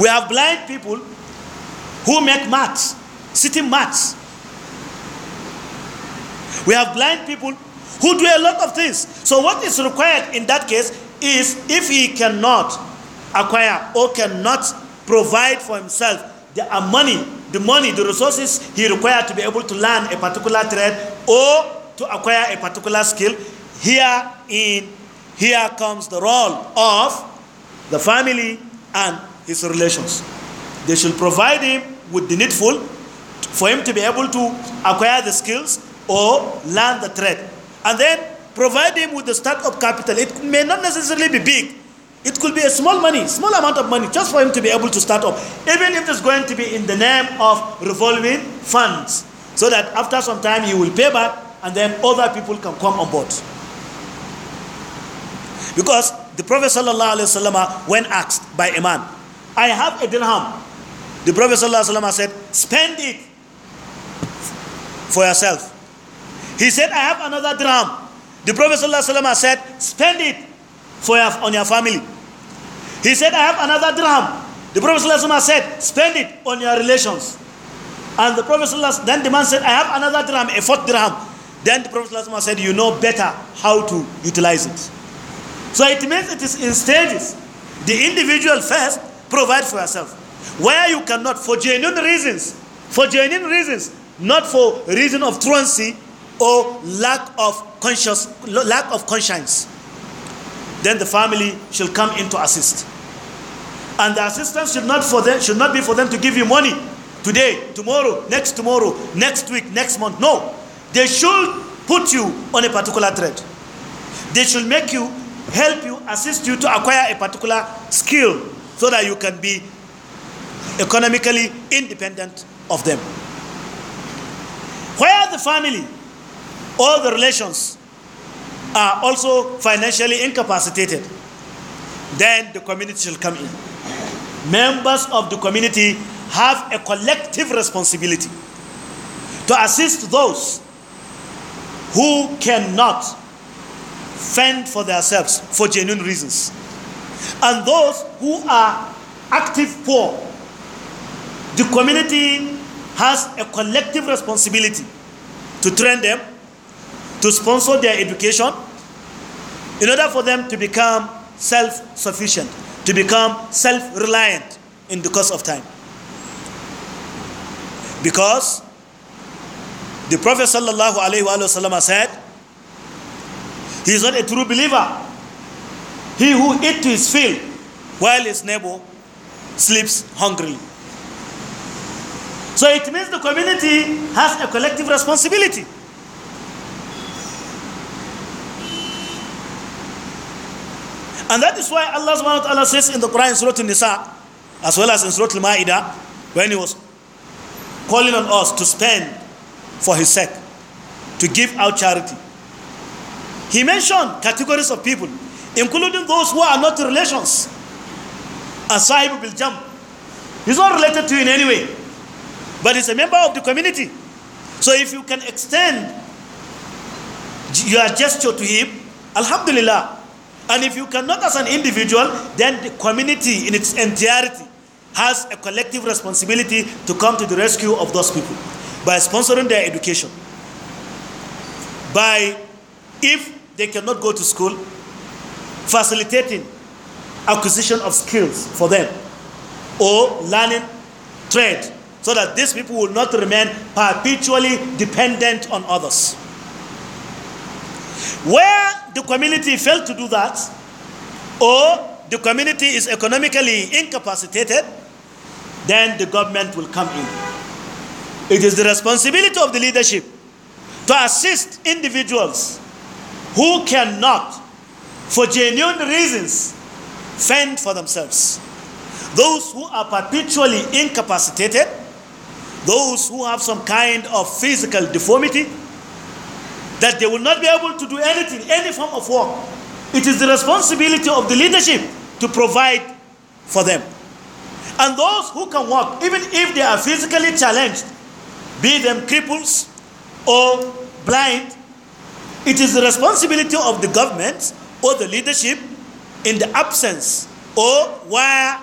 We have blind people who make mats, sitting mats. We have blind people who do a lot of things. So what is required in that case is if he cannot acquire or cannot provide for himself the money, the money, the resources he required to be able to learn a particular trade or to acquire a particular skill, here in here comes the role of the family, and his relations. They should provide him with the needful for him to be able to acquire the skills or learn the trade. And then provide him with the start-up capital. It may not necessarily be big. It could be a small money, small amount of money, just for him to be able to start up. Even if it's going to be in the name of revolving funds. So that after some time he will pay back and then other people can come on board. Because the Prophet ﷺ, when asked by a man, I have a dirham. The Prophet ﷺ said, Spend it for yourself. He said, I have another dirham. The Prophet ﷺ said, Spend it for your, on your family. He said, I have another dirham. The Prophet ﷺ said, Spend it on your relations. And the Prophet then the man said, I have another dirham, a fourth dirham. Then the Prophet ﷺ said, You know better how to utilize it. So it means it is in stages. The individual first provide for yourself. Where you cannot, for genuine reasons, for genuine reasons, not for reason of truancy or lack of conscious, lack of conscience. Then the family shall come in to assist. And the assistance should not for them should not be for them to give you money today, tomorrow, next tomorrow, next week, next month. No. They should put you on a particular thread. They should make you help you, assist you to acquire a particular skill so that you can be economically independent of them. Where the family all the relations are also financially incapacitated, then the community shall come in. Members of the community have a collective responsibility to assist those who cannot fend for themselves for genuine reasons. And those who are active poor, the community has a collective responsibility to train them, to sponsor their education, in order for them to become self sufficient, to become self reliant in the course of time. Because the Prophet sallallahu alaihi said, He is not a true believer. He who eats to his fill while his neighbor sleeps hungry. So it means the community has a collective responsibility. And that is why Allah subhanahu wa ta'ala says in the Quran, Surah Nisa, as well as in Surah Al-Ma'idah, when He was calling on us to spend for His sake, to give out charity. He mentioned categories of people, including those who are not relations. Asahib bil Jam. He's not related to you in any way, but he's a member of the community. So if you can extend your gesture to him, Alhamdulillah. And if you cannot as an individual, then the community in its entirety has a collective responsibility to come to the rescue of those people by sponsoring their education. By if they cannot go to school, facilitating acquisition of skills for them or learning trade so that these people will not remain perpetually dependent on others. Where the community failed to do that, or the community is economically incapacitated, then the government will come in. It is the responsibility of the leadership to assist individuals who cannot, for genuine reasons, fend for themselves. Those who are perpetually incapacitated, those who have some kind of physical deformity, that they will not be able to do anything, any form of work. It is the responsibility of the leadership to provide for them. And those who can work, even if they are physically challenged, be them cripples or blind It is the responsibility of the government or the leadership in the absence or where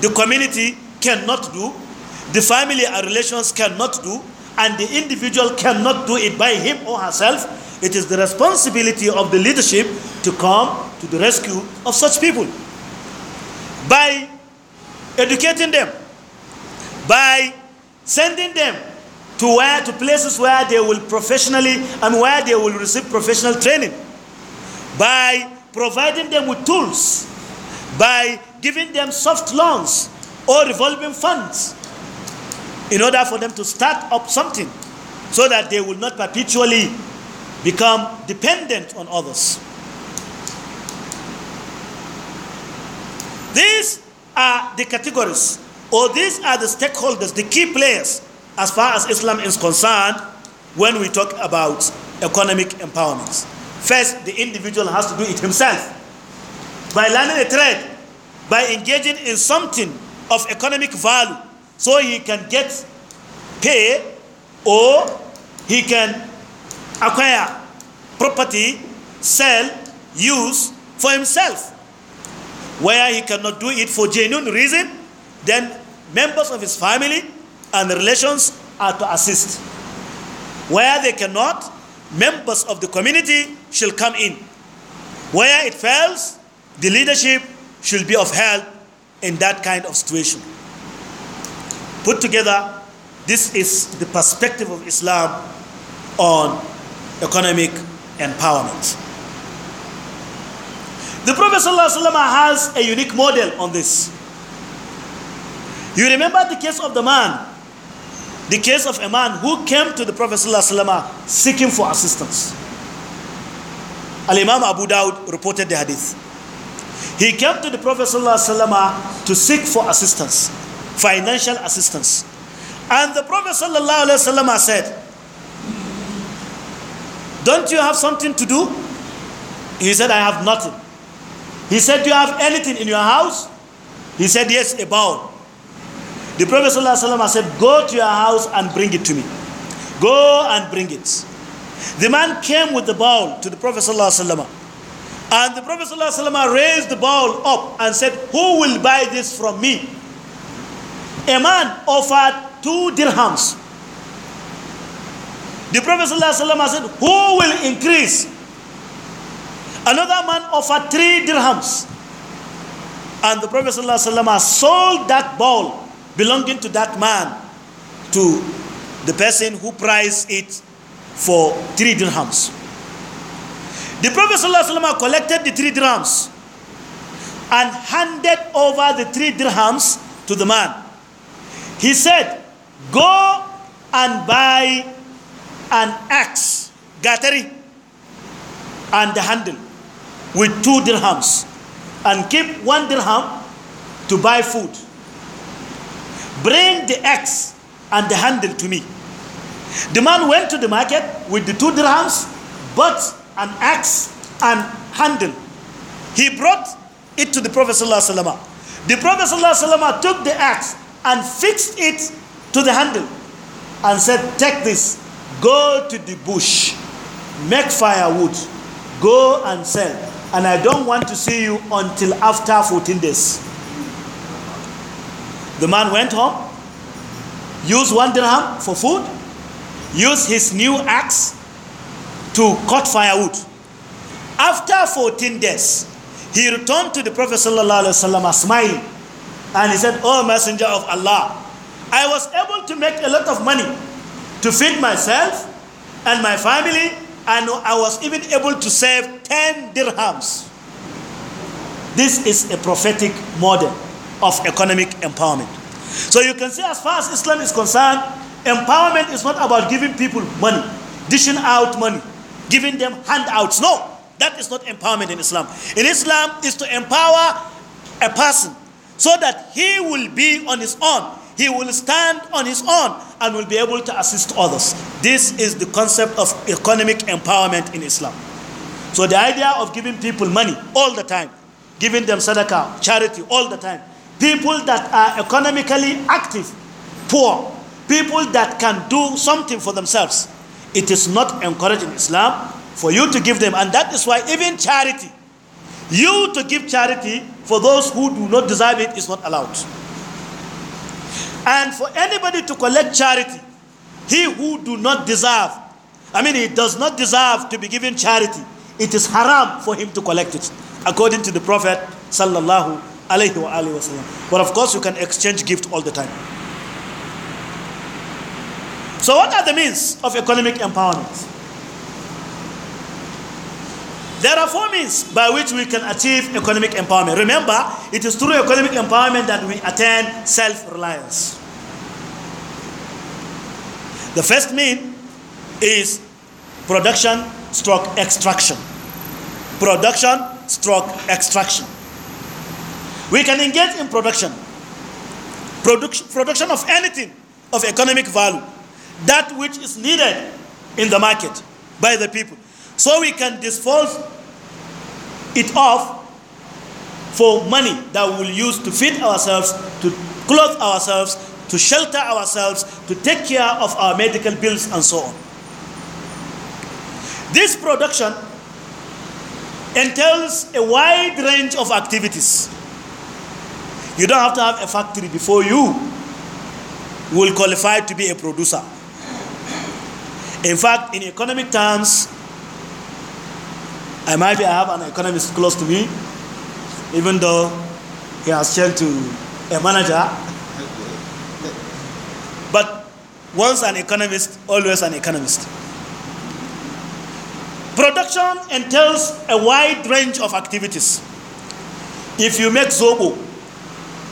the community cannot do, the family and relations cannot do, and the individual cannot do it by him or herself. It is the responsibility of the leadership to come to the rescue of such people by educating them, by sending them to where to places where they will professionally and where they will receive professional training by providing them with tools by giving them soft loans or revolving funds in order for them to start up something so that they will not perpetually become dependent on others these are the categories or these are the stakeholders the key players as far as Islam is concerned when we talk about economic empowerment. First, the individual has to do it himself. By learning a trade, by engaging in something of economic value, so he can get pay or he can acquire property, sell, use for himself. Where he cannot do it for genuine reason, then members of his family and relations are to assist. Where they cannot, members of the community shall come in. Where it fails, the leadership should be of help in that kind of situation. Put together, this is the perspective of Islam on economic empowerment. The Prophet ﷺ has a unique model on this. You remember the case of the man the case of a man who came to the Prophet ﷺ seeking for assistance. Al Imam Abu Dawud reported the hadith. He came to the Prophet ﷺ to seek for assistance, financial assistance. And the Prophet ﷺ said, Don't you have something to do? He said, I have nothing. He said, Do you have anything in your house? He said, Yes, a bowl. The Prophet ﷺ said, Go to your house and bring it to me. Go and bring it. The man came with the bowl to the Prophet. ﷺ, and the Prophet ﷺ raised the bowl up and said, Who will buy this from me? A man offered two dirhams. The Prophet ﷺ said, Who will increase? Another man offered three dirhams. And the Prophet ﷺ sold that bowl belonging to that man to the person who priced it for three dirhams. The Prophet ﷺ collected the three dirhams and handed over the three dirhams to the man. He said, Go and buy an axe, gathering, and the handle with two dirhams, and keep one dirham to buy food Bring the axe and the handle to me. The man went to the market with the two dirhams, bought an axe and handle. He brought it to the Prophet. ﷺ. The Prophet ﷺ took the axe and fixed it to the handle and said, Take this, go to the bush, make firewood, go and sell. And I don't want to see you until after 14 days. The man went home, used one dirham for food, used his new axe to cut firewood. After 14 days, he returned to the Prophet ﷺ smiling and he said, Oh, Messenger of Allah, I was able to make a lot of money to feed myself and my family, and I was even able to save 10 dirhams. This is a prophetic model of economic empowerment. So you can see, as far as Islam is concerned, empowerment is not about giving people money, dishing out money, giving them handouts. No, that is not empowerment in Islam. In Islam, is to empower a person so that he will be on his own. He will stand on his own and will be able to assist others. This is the concept of economic empowerment in Islam. So the idea of giving people money all the time, giving them sadaqah, charity all the time, people that are economically active, poor, people that can do something for themselves. It is not encouraged in Islam for you to give them. And that is why even charity, you to give charity for those who do not deserve it is not allowed. And for anybody to collect charity, he who do not deserve, I mean he does not deserve to be given charity, it is haram for him to collect it, according to the Prophet sallallahu alayhi wa alayhi But of course, you can exchange gift all the time. So, what are the means of economic empowerment? There are four means by which we can achieve economic empowerment. Remember, it is through economic empowerment that we attain self reliance. The first mean is production stroke extraction. Production stroke extraction. We can engage in production, production, production of anything of economic value, that which is needed in the market by the people. So we can dispose it off for money that we will use to feed ourselves, to clothe ourselves, to shelter ourselves, to take care of our medical bills, and so on. This production entails a wide range of activities. You don't have to have a factory before you will qualify to be a producer. In fact, in economic terms, I might be, I have an economist close to me, even though he has changed to a manager. But once an economist, always an economist. Production entails a wide range of activities. If you make zobo,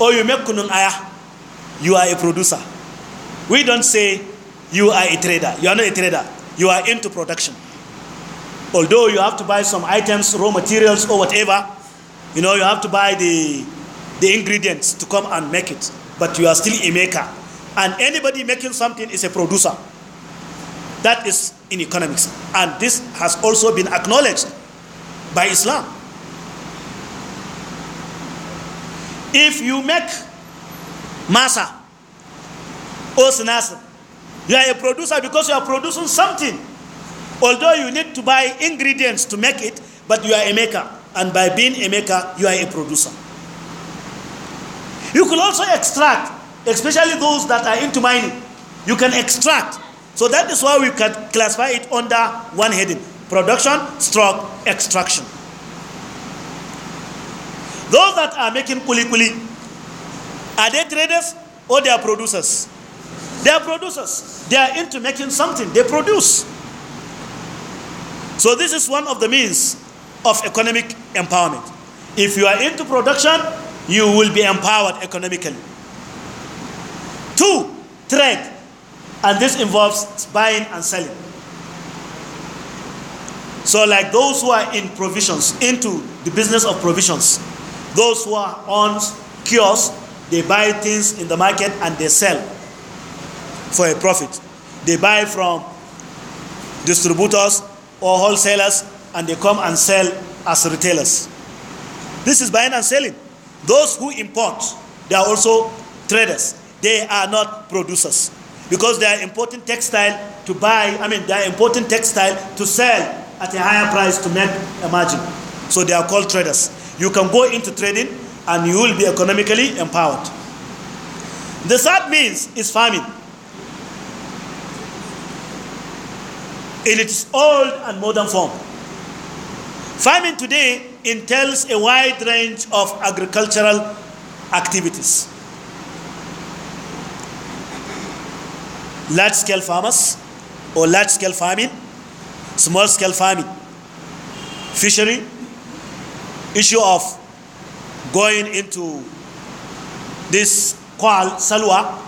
or you make kunun aya you are a producer. We don't say you are a trader. You are not a trader. You are into production. Although you have to buy some items, raw materials or whatever, you know, you have to buy the, the ingredients to come and make it. But you are still a maker. And anybody making something is a producer. That is in economics. And this has also been acknowledged by Islam. If you make masa or sinas, you are a producer because you are producing something. Although you need to buy ingredients to make it, but you are a maker. And by being a maker, you are a producer. You could also extract, especially those that are into mining. You can extract. So that is why we can classify it under one heading production stroke extraction. Those that are making kuli kuli, are they traders or they are producers? They are producers. They are into making something. They produce. So this is one of the means of economic empowerment. If you are into production, you will be empowered economically. Two, trade. And this involves buying and selling. So, like those who are in provisions, into the business of provisions, those who are on kiosks, they buy things in the market and they sell for a profit. They buy from distributors or wholesalers and they come and sell as retailers. This is buying and selling. Those who import, they are also traders. They are not producers because they are importing textile to buy, I mean, they are importing textile to sell at a higher price to make a margin. So they are called traders. You can go into trading and you will be economically empowered. The third means is farming. In its old and modern form. Farming today entails a wide range of agricultural activities. Large scale farmers or large scale farming, small scale farming, fishery, issue of going into this call salwa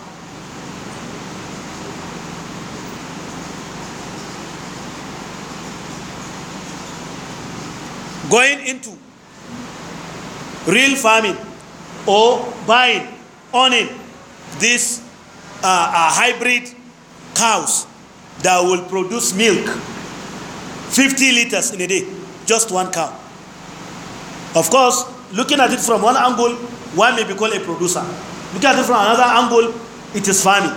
going into real farming or buying owning these uh, uh, hybrid cows that will produce milk 50 liters in a day just one cow Of course, looking at it from one angle, one may be called a producer. Looking at it from another angle, it is farming.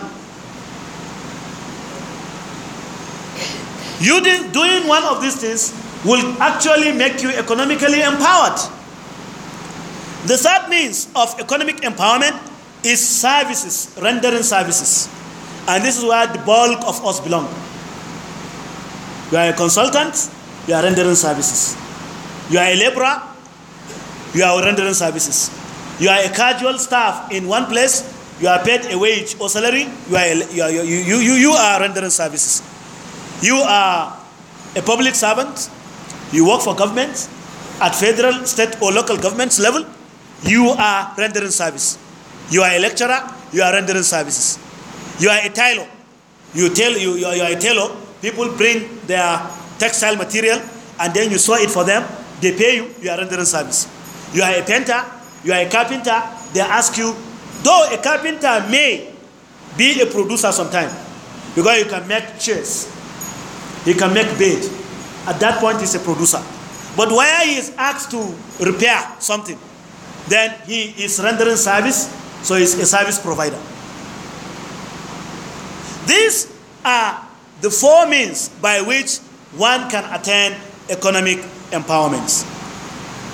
You doing one of these things will actually make you economically empowered. The third means of economic empowerment is services, rendering services. And this is where the bulk of us belong. You are a consultant, you are rendering services. You are a laborer, you are rendering services. You are a casual staff in one place, you are paid a wage or salary, you are, you, are you, you, you, you are rendering services. You are a public servant, you work for government at federal, state, or local governments level, you are rendering service. You are a lecturer, you are rendering services. You are a tailor. You tell you, you, are, you are a tailor. People bring their textile material and then you sew it for them. They pay you. You are rendering service. You are a painter, you are a carpenter, they ask you, though a carpenter may be a producer sometime, because you can make chairs, he can make bed. At that point, he's a producer. But where he is asked to repair something, then he is rendering service, so he's a service provider. These are the four means by which one can attain economic empowerment.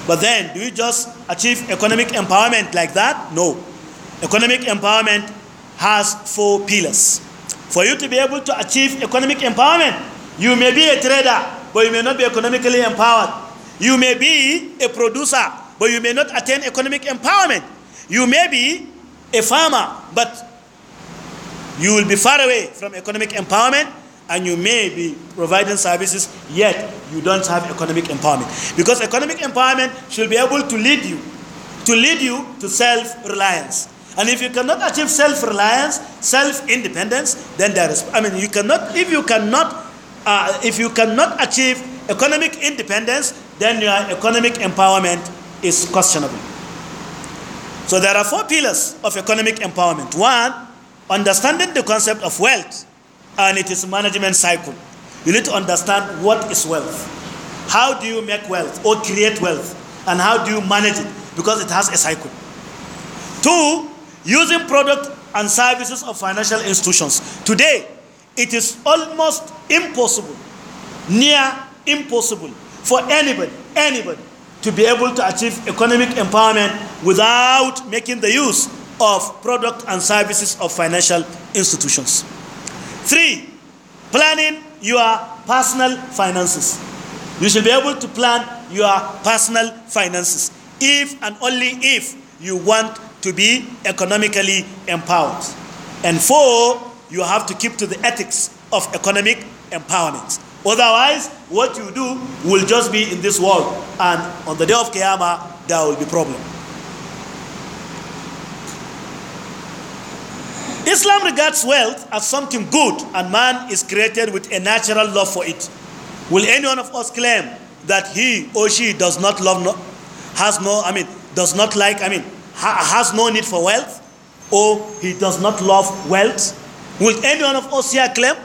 But then, do you just achieve economic empowerment like that? No. Economic empowerment has four pillars. For you to be able to achieve economic empowerment, you may be a trader, but you may not be economically empowered. You may be a producer, but you may not attain economic empowerment. You may be a farmer, but you will be far away from economic empowerment and you may be providing services, yet you don't have economic empowerment. Because economic empowerment should be able to lead you, to lead you to self-reliance. And if you cannot achieve self-reliance, self-independence, then there is. I mean, you cannot. If you cannot, uh, if you cannot achieve economic independence, then your economic empowerment is questionable. So there are four pillars of economic empowerment. One, understanding the concept of wealth and it is management cycle. You need to understand what is wealth. How do you make wealth or create wealth? And how do you manage it? Because it has a cycle. Two, using product and services of financial institutions. Today, it is almost impossible, near impossible, for anybody, anybody, to be able to achieve economic empowerment without making the use of product and services of financial institutions. Three, planning your personal finances. You should be able to plan your personal finances if and only if you want to be economically empowered. And four, you have to keep to the ethics of economic empowerment. Otherwise, what you do will just be in this world, and on the day of Qiyamah, there will be problem. Islam regards wealth as something good, and man is created with a natural love for it. Will any one of us claim that he or she does not love, no, has no, I mean, does not like, I mean, ha, has no need for wealth, or he does not love wealth? Will any one of us here claim?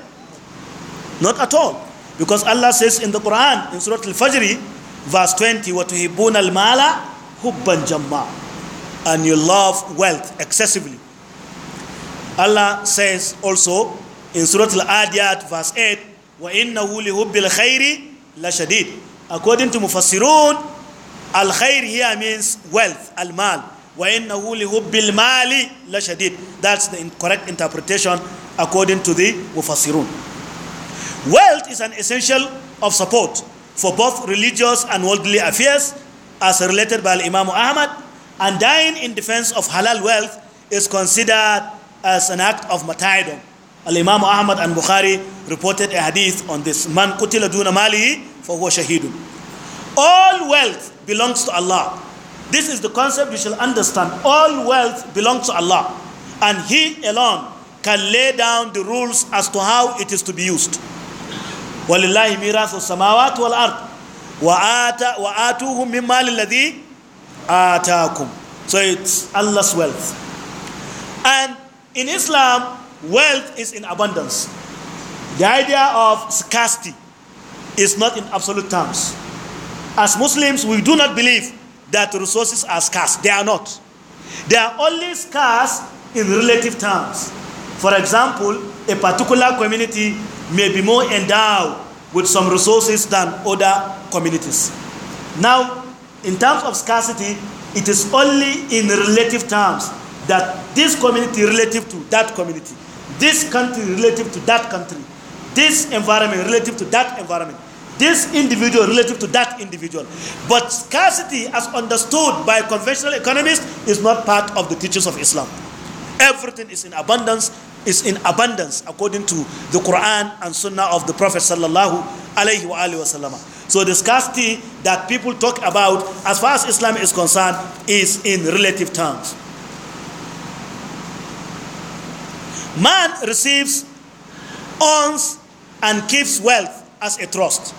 Not at all. Because Allah says in the Quran, in Surah Al Fajr, verse 20, وَتُهِبُّونَ الْمَالَ hubban jamma. And you love wealth excessively. Allah says also in Surah Al-Adiyat verse 8, وَإِنَّهُ لِهُبِّ الْخَيْرِ لَشَدِيدٌ According to Mufassirun, Al-Khair here means wealth, Al-Mal. inna لِهُبِّ الْمَالِ لَشَدِيدٌ That's the correct interpretation according to the Mufassirun. Wealth is an essential of support for both religious and worldly affairs as related by Imam Ahmad and dying in defense of halal wealth is considered as an act of mata'idum. Al-Imam Ahmad and Bukhari reported a hadith on this. Man kutila duna malihi for huwa shahidun. All wealth belongs to Allah. This is the concept you shall understand. All wealth belongs to Allah. And He alone can lay down the rules as to how it is to be used. ولله ميراث السماوات والأرض وآتوهم al مال ata آتاكم. So it's Allah's wealth. And In Islam, wealth is in abundance. The idea of scarcity is not in absolute terms. As Muslims, we do not believe that resources are scarce. They are not. They are only scarce in relative terms. For example, a particular community may be more endowed with some resources than other communities. Now, in terms of scarcity, it is only in relative terms that this community relative to that community, this country relative to that country, this environment relative to that environment, this individual relative to that individual. But scarcity, as understood by conventional economists, is not part of the teachings of Islam. Everything is in abundance, is in abundance according to the Quran and Sunnah of the Prophet sallallahu alaihi So the scarcity that people talk about, as far as Islam is concerned, is in relative terms. Man receives, owns, and keeps wealth as a trust.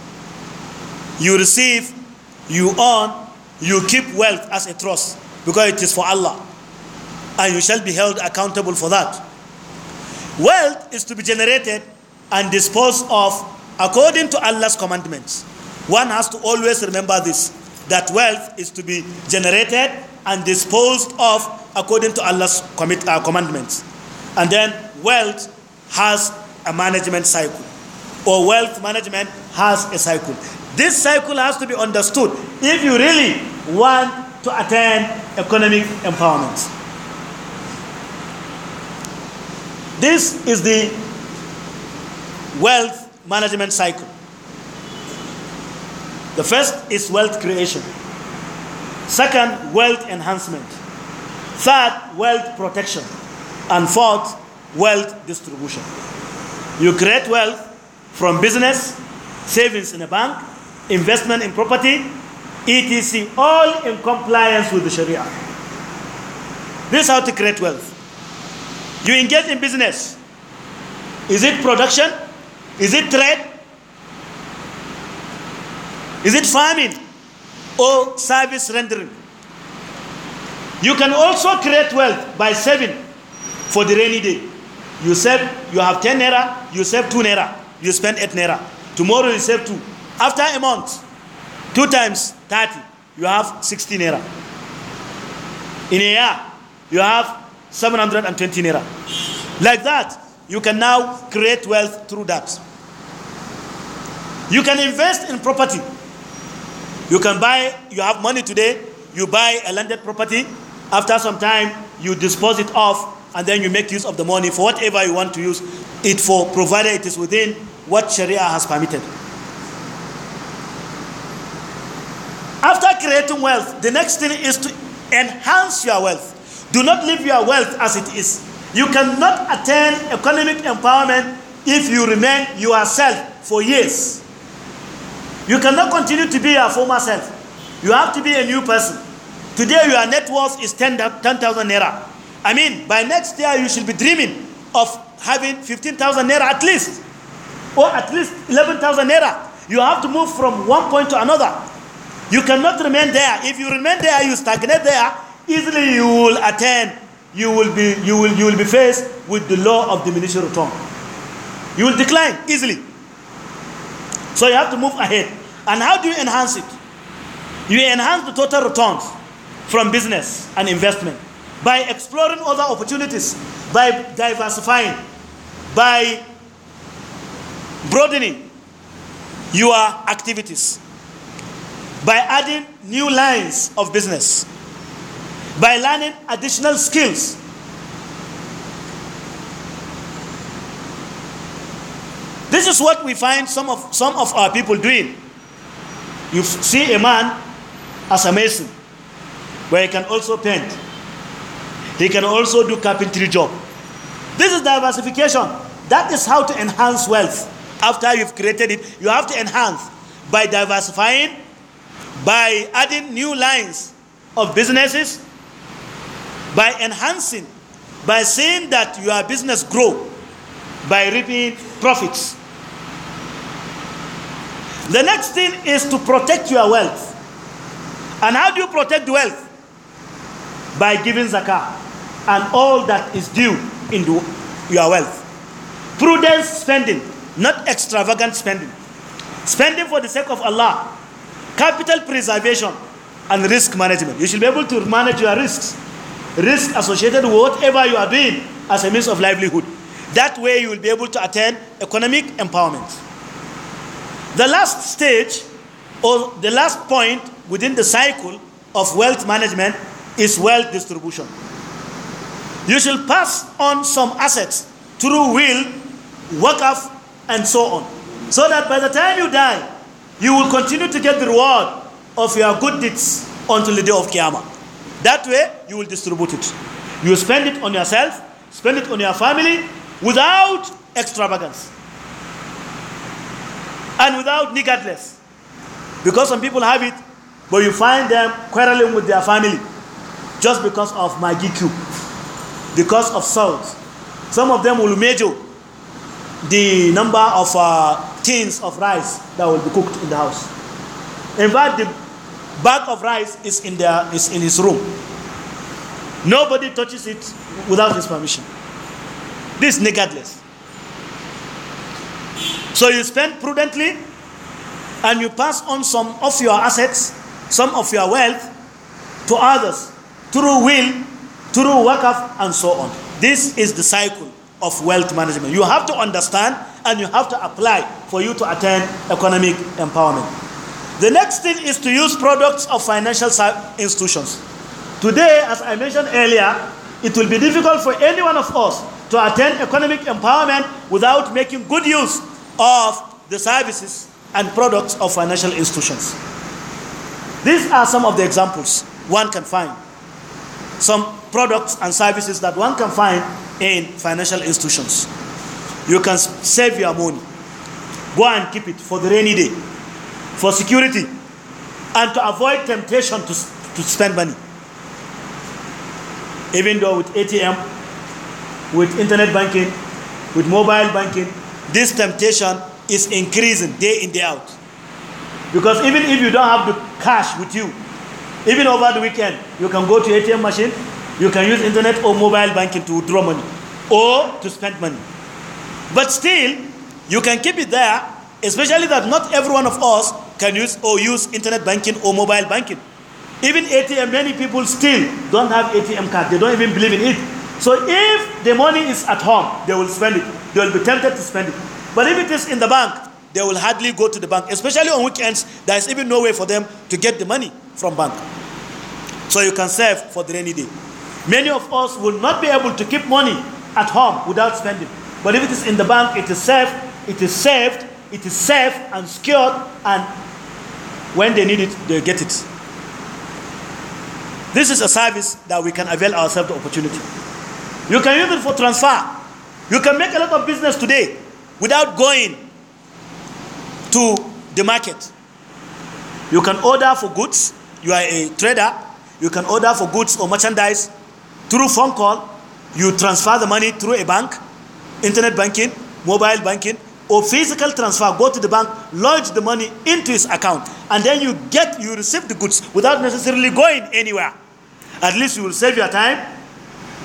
You receive, you own, you keep wealth as a trust because it is for Allah. And you shall be held accountable for that. Wealth is to be generated and disposed of according to Allah's commandments. One has to always remember this that wealth is to be generated and disposed of according to Allah's uh, commandments. And then wealth has a management cycle, or wealth management has a cycle. This cycle has to be understood if you really want to attain economic empowerment. This is the wealth management cycle. The first is wealth creation. Second, wealth enhancement. Third, wealth protection. And fourth, wealth distribution. You create wealth from business, savings in a bank, investment in property, etc., all in compliance with the Sharia. This is how to create wealth. You engage in business. Is it production? Is it trade? Is it farming or service rendering? You can also create wealth by saving for the rainy day. You save, you have 10 naira, you save 2 naira, you spend 8 naira. Tomorrow you save 2. After a month, 2 times 30, you have 60 naira. In a year, you have 720 naira. Like that, you can now create wealth through that. You can invest in property. You can buy, you have money today, you buy a landed property. After some time, you dispose it off and then you make use of the money for whatever you want to use it for, provided it is within what Sharia has permitted. After creating wealth, the next thing is to enhance your wealth. Do not leave your wealth as it is. You cannot attain economic empowerment if you remain yourself for years. You cannot continue to be your former self. You have to be a new person. Today, your net worth is 10,000 10, naira. I mean, by next year you should be dreaming of having 15,000 naira at least, or at least 11,000 naira. You have to move from one point to another. You cannot remain there. If you remain there, you stagnate there. Easily you will attain. You will be you will you will be faced with the law of diminishing return. You will decline easily. So you have to move ahead. And how do you enhance it? You enhance the total returns from business and investment by exploring other opportunities, by diversifying, by broadening your activities, by adding new lines of business, by learning additional skills. This is what we find some of, some of our people doing. You see a man as a mason, where he can also paint. He can also do carpentry job. This is diversification. That is how to enhance wealth. After you've created it, you have to enhance by diversifying, by adding new lines of businesses, by enhancing, by seeing that your business grow, by reaping profits. The next thing is to protect your wealth. And how do you protect wealth? By giving zakah and all that is due into your wealth. Prudent spending, not extravagant spending. Spending for the sake of Allah, capital preservation, and risk management. You should be able to manage your risks. Risk associated with whatever you are doing as a means of livelihood. That way, you will be able to attain economic empowerment. The last stage, or the last point within the cycle of wealth management, is wealth distribution. You shall pass on some assets through will, work off, and so on. So that by the time you die, you will continue to get the reward of your good deeds until the day of Qiyamah. That way, you will distribute it. You spend it on yourself, spend it on your family without extravagance and without niggardliness. Because some people have it, but you find them quarreling with their family just because of my GQ because of salt, Some of them will measure the number of uh, tins of rice that will be cooked in the house. In fact, the bag of rice is in, their, is in his room. Nobody touches it without his permission. This is nakedness. So you spend prudently and you pass on some of your assets, some of your wealth to others through will through wakaf and so on. This is the cycle of wealth management. You have to understand and you have to apply for you to attain economic empowerment. The next thing is to use products of financial institutions. Today, as I mentioned earlier, it will be difficult for any one of us to attain economic empowerment without making good use of the services and products of financial institutions. These are some of the examples one can find. Some products and services that one can find in financial institutions. You can save your money, go and keep it for the rainy day, for security, and to avoid temptation to, to spend money. Even though with ATM, with internet banking, with mobile banking, this temptation is increasing day in, day out. Because even if you don't have the cash with you, even over the weekend, you can go to ATM machine you can use internet or mobile banking to withdraw money or to spend money. But still, you can keep it there, especially that not every one of us can use or use internet banking or mobile banking. Even ATM, many people still don't have ATM card. They don't even believe in it. So if the money is at home, they will spend it. They will be tempted to spend it. But if it is in the bank, they will hardly go to the bank. Especially on weekends, there is even no way for them to get the money from bank. So you can save for the rainy day. Many of us will not be able to keep money at home without spending. But if it is in the bank, it is safe, it is saved, it is safe and secured, and when they need it, they get it. This is a service that we can avail ourselves the opportunity. You can use it for transfer. You can make a lot of business today without going to the market. You can order for goods. You are a trader. You can order for goods or merchandise through phone call, you transfer the money through a bank, internet banking, mobile banking, or physical transfer. Go to the bank, lodge the money into his account, and then you get, you receive the goods without necessarily going anywhere. At least you will save your time.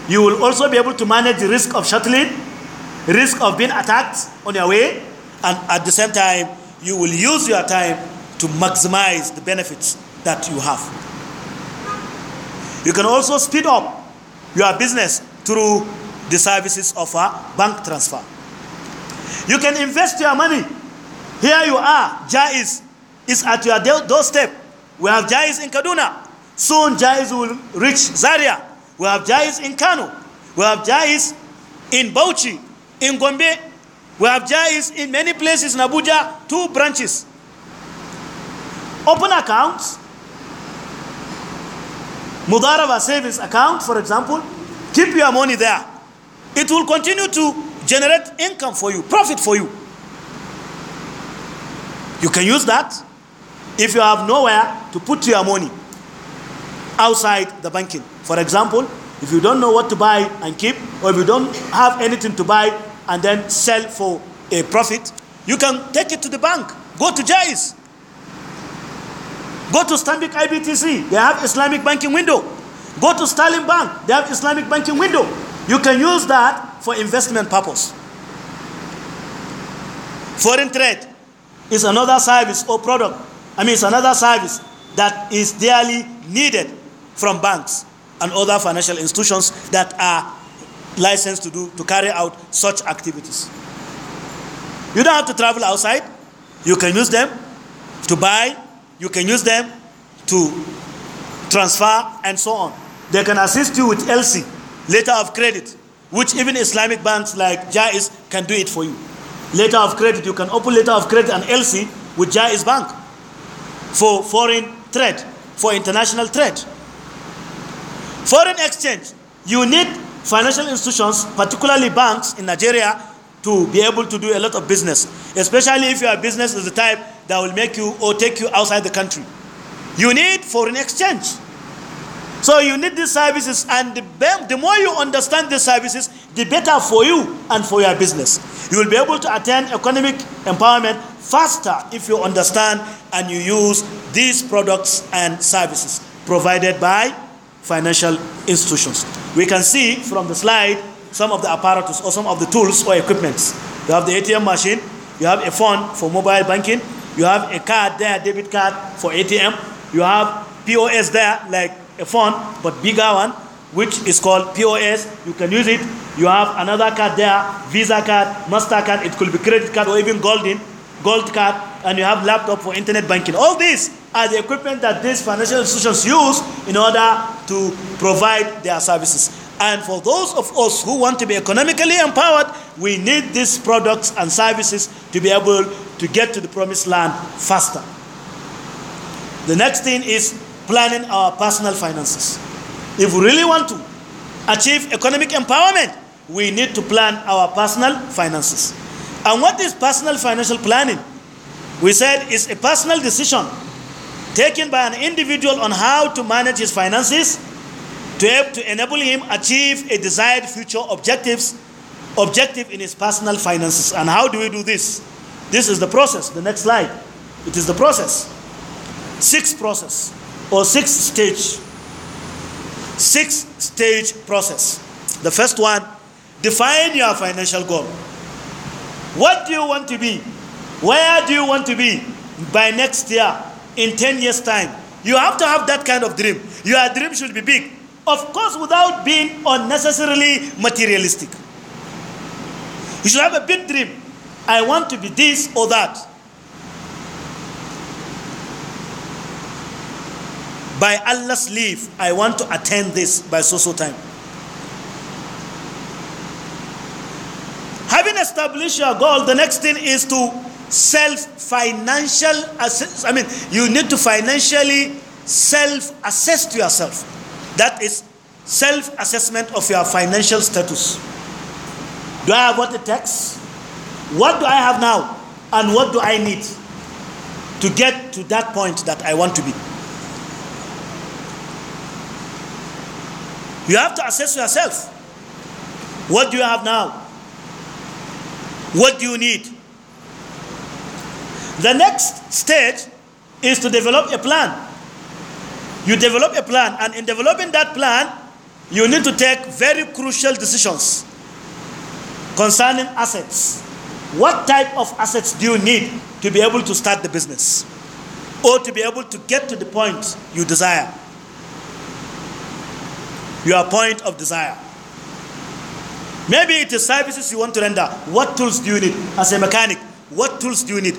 You will also be able to manage the risk of shuttling, risk of being attacked on your way, and at the same time, you will use your time to maximize the benefits that you have. You can also speed up your business through the services of a bank transfer. You can invest your money. Here you are, Jaiz is at your doorstep. We have Jai's in Kaduna. Soon Jai's will reach Zaria. We have Jai's in Kano. We have Jai's in Bauchi, in Gombe. We have Jai's in many places in Abuja, two branches. Open accounts Mudarava savings account, for example, keep your money there. It will continue to generate income for you, profit for you. You can use that if you have nowhere to put your money outside the banking. For example, if you don't know what to buy and keep, or if you don't have anything to buy and then sell for a profit, you can take it to the bank. Go to Jais. Go to Stanbic IBTC, they have Islamic banking window. Go to Sterling Bank, they have Islamic banking window. You can use that for investment purpose. Foreign trade is another service or product. I mean, it's another service that is dearly needed from banks and other financial institutions that are licensed to do to carry out such activities. You don't have to travel outside. You can use them to buy you can use them to transfer and so on. They can assist you with LC, letter of credit, which even Islamic banks like Jais can do it for you. Letter of credit, you can open letter of credit and LC with Jais Bank for foreign trade, for international trade. Foreign exchange, you need financial institutions, particularly banks in Nigeria, to be able to do a lot of business, especially if your business is the type that will make you or take you outside the country. You need foreign exchange. So you need these services, and the, the more you understand these services, the better for you and for your business. You will be able to attain economic empowerment faster if you understand and you use these products and services provided by financial institutions. We can see from the slide some of the apparatus or some of the tools or equipments. You have the ATM machine, you have a phone for mobile banking, you have a card there, debit card for ATM. You have POS there, like a phone, but bigger one, which is called POS. You can use it. You have another card there, Visa card, MasterCard, it could be credit card or even golden, gold card, and you have laptop for internet banking. All these are the equipment that these financial institutions use in order to provide their services. And for those of us who want to be economically empowered, we need these products and services to be able to get to the promised land faster. The next thing is planning our personal finances. If we really want to achieve economic empowerment, we need to plan our personal finances. And what is personal financial planning? We said it's a personal decision taken by an individual on how to manage his finances to, help to enable him achieve a desired future objectives objective in his personal finances and how do we do this this is the process the next slide it is the process six process or six stage six stage process the first one define your financial goal what do you want to be where do you want to be by next year in 10 years time you have to have that kind of dream your dream should be big of course, without being unnecessarily materialistic. You should have a big dream. I want to be this or that. By Allah's leave, I want to attend this by so so time. Having established your goal, the next thing is to self financial assess. I mean, you need to financially self assess to yourself. That is self assessment of your financial status. Do I have what it takes? What do I have now? And what do I need to get to that point that I want to be? You have to assess yourself. What do you have now? What do you need? The next stage is to develop a plan you develop a plan, and in developing that plan, you need to take very crucial decisions concerning assets. What type of assets do you need to be able to start the business or to be able to get to the point you desire? Your point of desire. Maybe it is services you want to render. What tools do you need? As a mechanic, what tools do you need?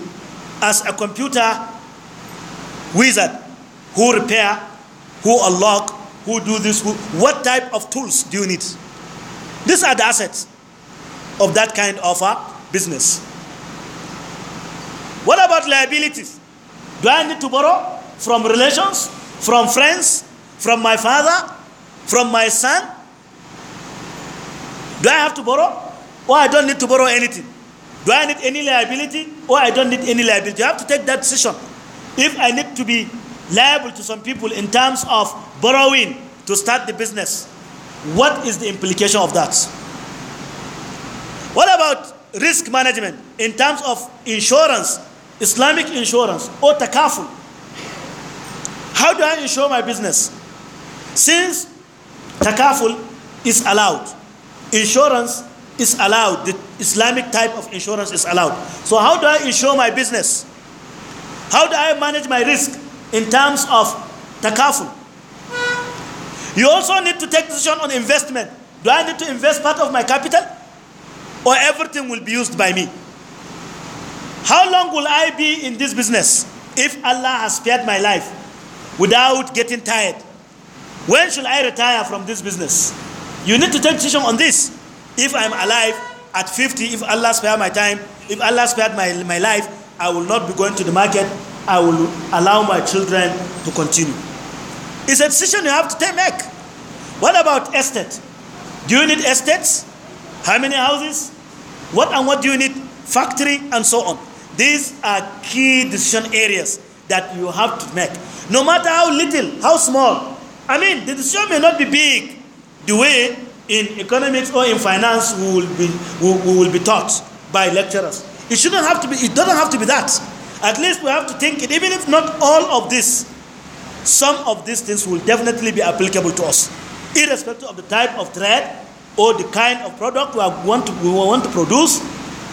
As a computer wizard who repair who unlock, who do this, who, what type of tools do you need? These are the assets of that kind of a business. What about liabilities? Do I need to borrow from relations, from friends, from my father, from my son? Do I have to borrow? Or I don't need to borrow anything? Do I need any liability? Or I don't need any liability? You have to take that decision. If I need to be liable to some people in terms of borrowing to start the business. What is the implication of that? What about risk management in terms of insurance, Islamic insurance, or takaful? How do I insure my business? Since takaful is allowed, insurance is allowed, the Islamic type of insurance is allowed. So, how do I insure my business? How do I manage my risk? in terms of takaful. You also need to take decision on investment. Do I need to invest part of my capital? Or everything will be used by me? How long will I be in this business if Allah has spared my life without getting tired? When should I retire from this business? You need to take decision on this. If I'm alive at 50, if Allah spared my time, if Allah spared my, my life, I will not be going to the market I will allow my children to continue. It's a decision you have to make. What about estate? Do you need estates? How many houses? What and what do you need? Factory and so on. These are key decision areas that you have to make. No matter how little, how small. I mean, the decision may not be big the way in economics or in finance we will be, we will be taught by lecturers. It shouldn't have to be, it doesn't have to be that. At least we have to think it, even if not all of this, some of these things will definitely be applicable to us, irrespective of the type of thread or the kind of product we, want, to, we want to produce,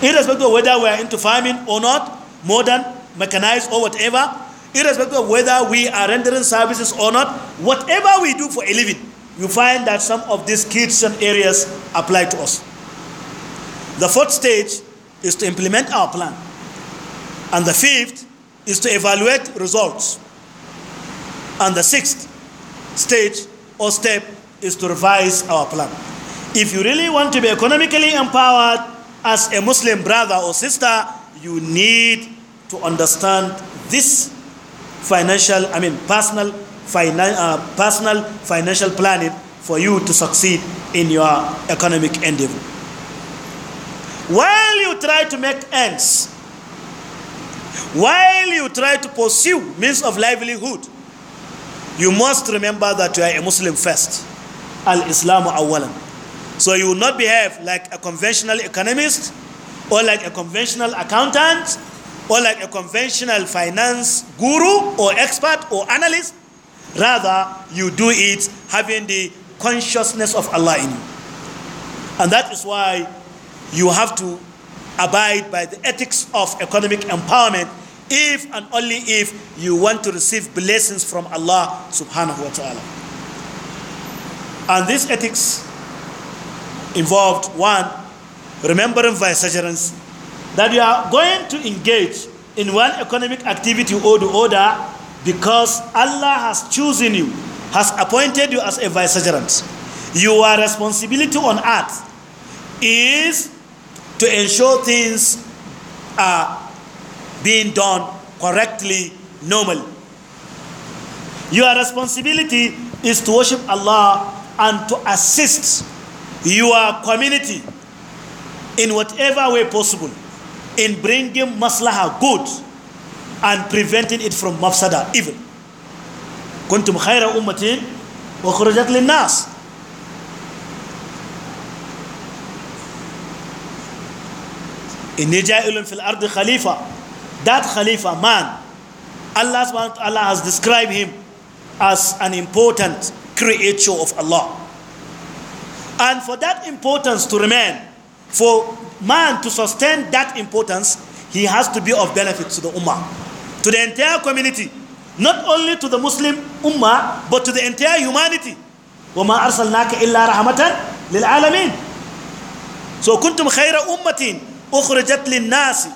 irrespective of whether we are into farming or not, modern, mechanized, or whatever, irrespective of whether we are rendering services or not, whatever we do for a living, you find that some of these kitchen areas apply to us. The fourth stage is to implement our plan. And the fifth is to evaluate results. And the sixth stage or step is to revise our plan. If you really want to be economically empowered as a Muslim brother or sister, you need to understand this financial, I mean, personal, finan uh, personal financial planning for you to succeed in your economic endeavor. While you try to make ends While you try to pursue means of livelihood, you must remember that you are a Muslim first. Al Islam awalan. So you will not behave like a conventional economist or like a conventional accountant or like a conventional finance guru or expert or analyst. Rather, you do it having the consciousness of Allah in you. And that is why you have to abide by the ethics of economic empowerment if and only if you want to receive blessings from Allah subhanahu wa ta'ala. And this ethics involved one, remembering vicegerence, that you are going to engage in one economic activity or the other because Allah has chosen you, has appointed you as a vicegerent. Your responsibility on earth is to ensure things are being done correctly, normally. Your responsibility is to worship Allah and to assist your community in whatever way possible in bringing maslaha good and preventing it from mafsada evil. كنتم خير أمة وخرجت للناس إني جائل في الأرض خليفة that khalifa man Allah subhanahu wa ta'ala has described him as an important creature of Allah and for that importance to remain for man to sustain that importance he has to be of benefit to the ummah to the entire community not only to the muslim ummah but to the entire humanity وما أرسلناك إلا رحمة للعالمين so كنتم خير أمتين ukhrijat lin-nasi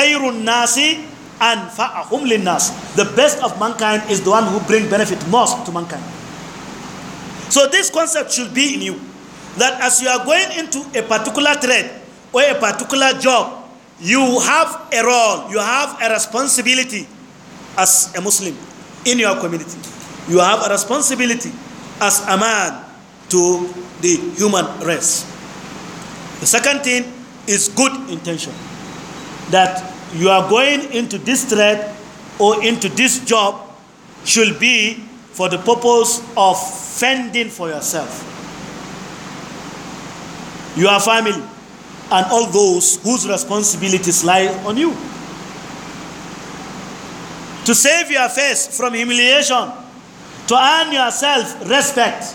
and nasi anfa'ahum lin-nas the best of mankind is the one who bring benefit most to mankind so this concept should be in you that as you are going into a particular trade or a particular job you have a role you have a responsibility as a muslim in your community you have a responsibility as a man to the human race the second thing is good intention. That you are going into this trade or into this job should be for the purpose of fending for yourself, your family, and all those whose responsibilities lie on you. To save your face from humiliation, to earn yourself respect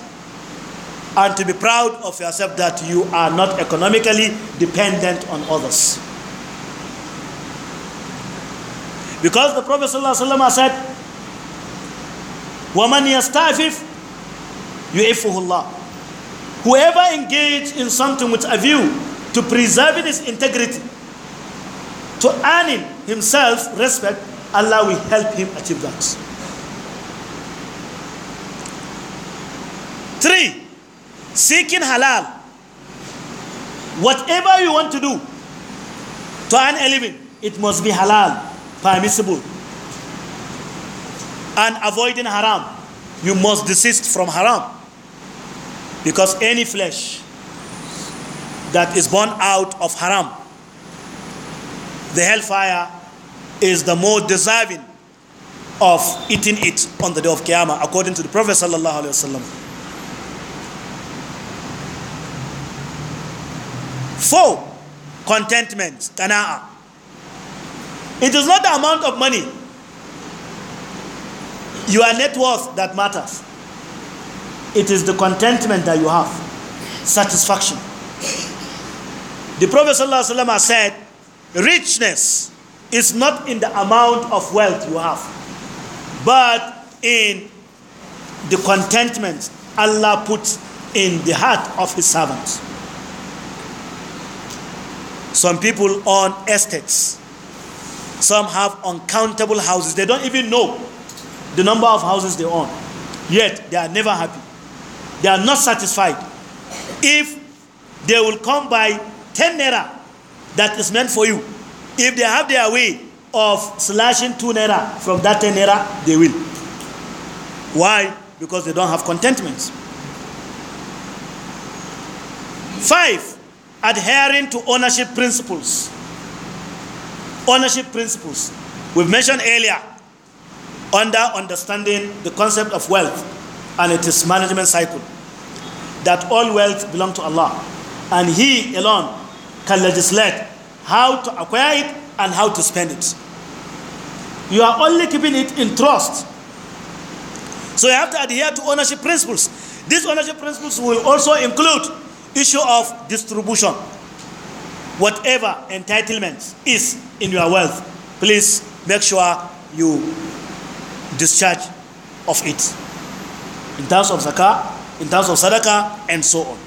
and to be proud of yourself that you are not economically dependent on others. Because the Prophet ﷺ said, وَمَنْ يَسْتَعْفِفْ يُعِفُهُ اللَّهِ Whoever engaged in something with a view to preserving his integrity, to earning himself respect, Allah will help him achieve that. Three, seeking halal, whatever you want to do to earn a living, it must be halal, permissible. And avoiding haram, you must desist from haram. Because any flesh that is born out of haram, the hellfire is the more deserving of eating it on the day of Qiyamah, according to the Prophet sallallahu alaihi wasallam. Four, contentment, qana'a. It is not the amount of money, your net worth that matters. It is the contentment that you have, satisfaction. The Prophet ﷺ said, richness is not in the amount of wealth you have, but in the contentment Allah puts in the heart of his servants. Some people own estates. Some have uncountable houses. They don't even know the number of houses they own. Yet they are never happy. They are not satisfied. If they will come by 10 naira that is meant for you, if they have their way of slashing 2 naira from that 10 naira, they will. Why? Because they don't have contentment. Five, adhering to ownership principles. Ownership principles. We've mentioned earlier under understanding the concept of wealth and its management cycle that all wealth belong to Allah and He alone can legislate how to acquire it and how to spend it. You are only keeping it in trust. So you have to adhere to ownership principles. These ownership principles will also include issue of distribution whatever entitlement is in your wealth please make sure you discharge of it in terms of zakah in terms of sadaka and so on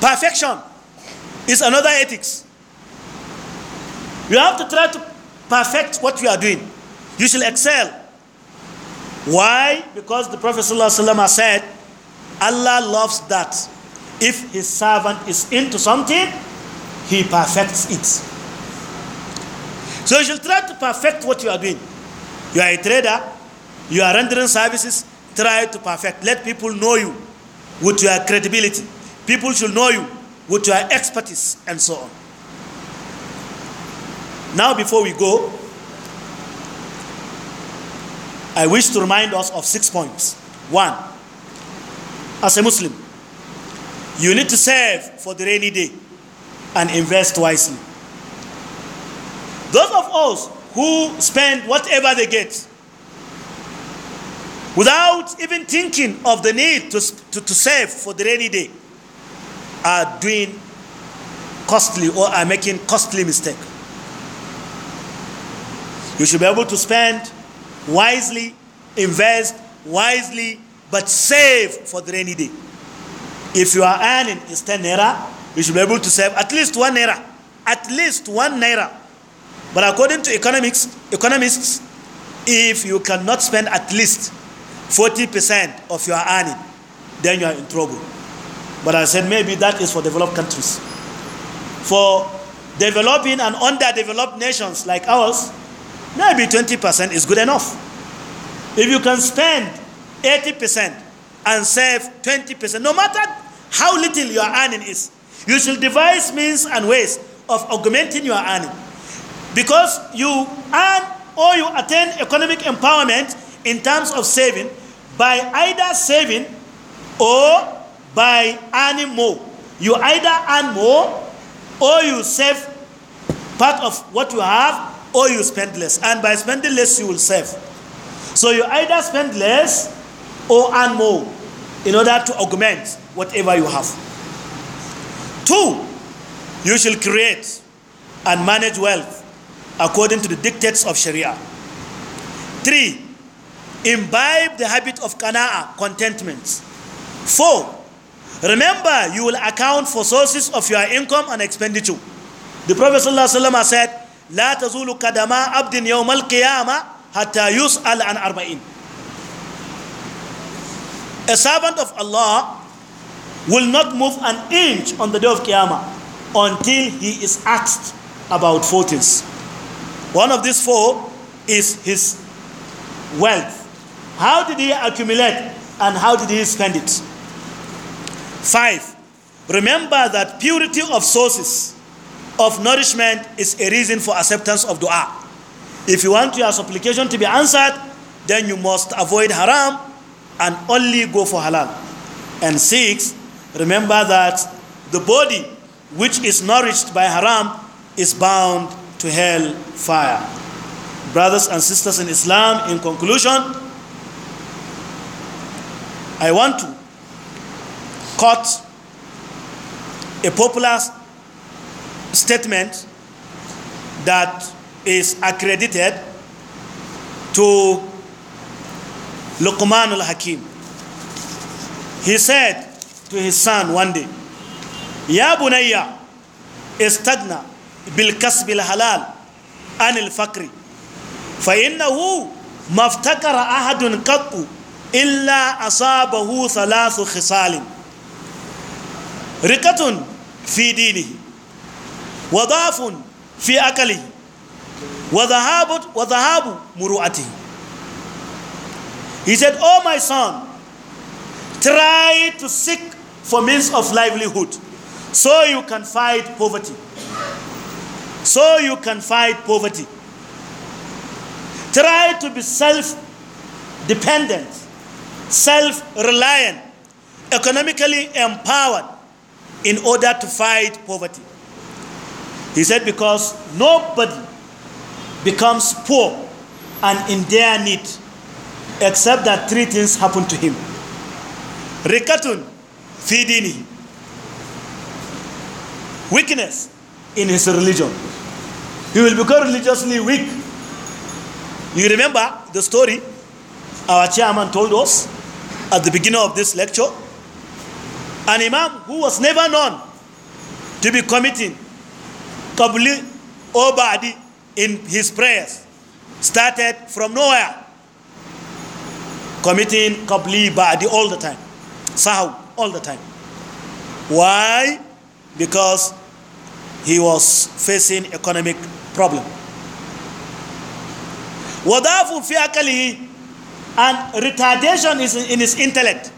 perfection is another ethics you have to try to perfect what you are doing you shall excel why because the prophet ﷺ said allah loves that If his servant is into something, he perfects it. So you should try to perfect what you are doing. You are a trader, you are rendering services, try to perfect. Let people know you with your credibility. People should know you with your expertise and so on. Now, before we go, I wish to remind us of six points. One, as a Muslim, you need to save for the rainy day and invest wisely. Those of us who spend whatever they get without even thinking of the need to, to, to save for the rainy day are doing costly or are making costly mistake. You should be able to spend wisely, invest wisely, but save for the rainy day. If you are earning is 10 naira, you should be able to save at least one naira. At least one naira. But according to economics, economists, if you cannot spend at least 40% of your earning, then you are in trouble. But I said maybe that is for developed countries. For developing and underdeveloped nations like ours, maybe 20% is good enough. If you can spend 80% and save 20%, no matter how little your earning is. You should devise means and ways of augmenting your earning. Because you earn or you attain economic empowerment in terms of saving by either saving or by earning more. You either earn more or you save part of what you have or you spend less. And by spending less, you will save. So you either spend less or earn more in order to augment whatever you have. Two, you shall create and manage wealth according to the dictates of Sharia. Three, imbibe the habit of Kana'a, contentment. Four, remember you will account for sources of your income and expenditure. The Prophet ﷺ said, لا تزول قدما عبد يوم القيامة حتى يسأل عن أربعين. A servant of Allah will not move an inch on the day of Qiyamah until he is asked about four things. One of these four is his wealth. How did he accumulate and how did he spend it? Five, remember that purity of sources of nourishment is a reason for acceptance of dua. If you want your supplication to be answered, then you must avoid haram and only go for halal. And six, Remember that the body which is nourished by haram is bound to hell fire. Brothers and sisters in Islam, in conclusion, I want to quote a popular statement that is accredited to Luqman al Hakim. He said, to his son one day ya bunayya istagna bil kasb al halal an al fakr fa innahu maftakara ahadun qattu illa asabahu thalathu khisalin riqatun fi dinihi وضعف في أكله وذهاب وذهاب He said, Oh my son, try to seek for means of livelihood. So you can fight poverty. So you can fight poverty. Try to be self dependent, self reliant, economically empowered in order to fight poverty. He said, because nobody becomes poor and in dire need except that three things happen to him. Rikatun, fi dini weakness in his religion he will become religiously weak you remember the story our chairman told us at the beginning of this lecture an imam who was never known to be committing kabli obadi in his prayers started from nowhere committing kabli badi all the time sahu all the time. Why? Because he was facing economic problem. And retardation is in his intellect.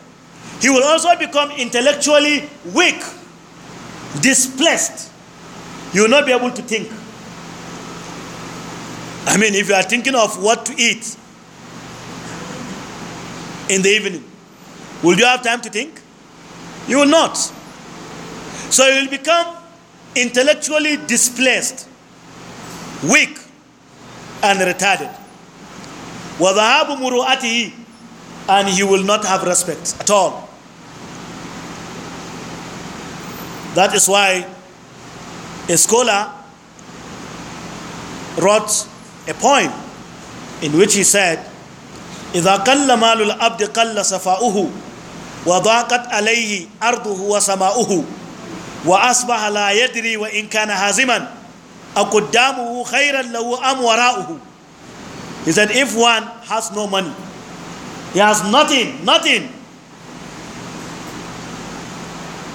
He will also become intellectually weak, displaced. You will not be able to think. I mean, if you are thinking of what to eat in the evening, will you have time to think? You will not. So you will become intellectually displaced, weak, and retarded. وَذَهَابُ مُرُؤَتِهِ And he will not have respect at all. That is why a scholar wrote a poem in which he said, إِذَا قَلَّ مَالُ الْأَبْدِ قَلَّ سَفَاؤُهُ وضاقت عليه أرضه وسماؤه وأصبح لا يدري وإن كان هازما أقدامه خيرا لو أم وراؤه He said if one has no money he has nothing nothing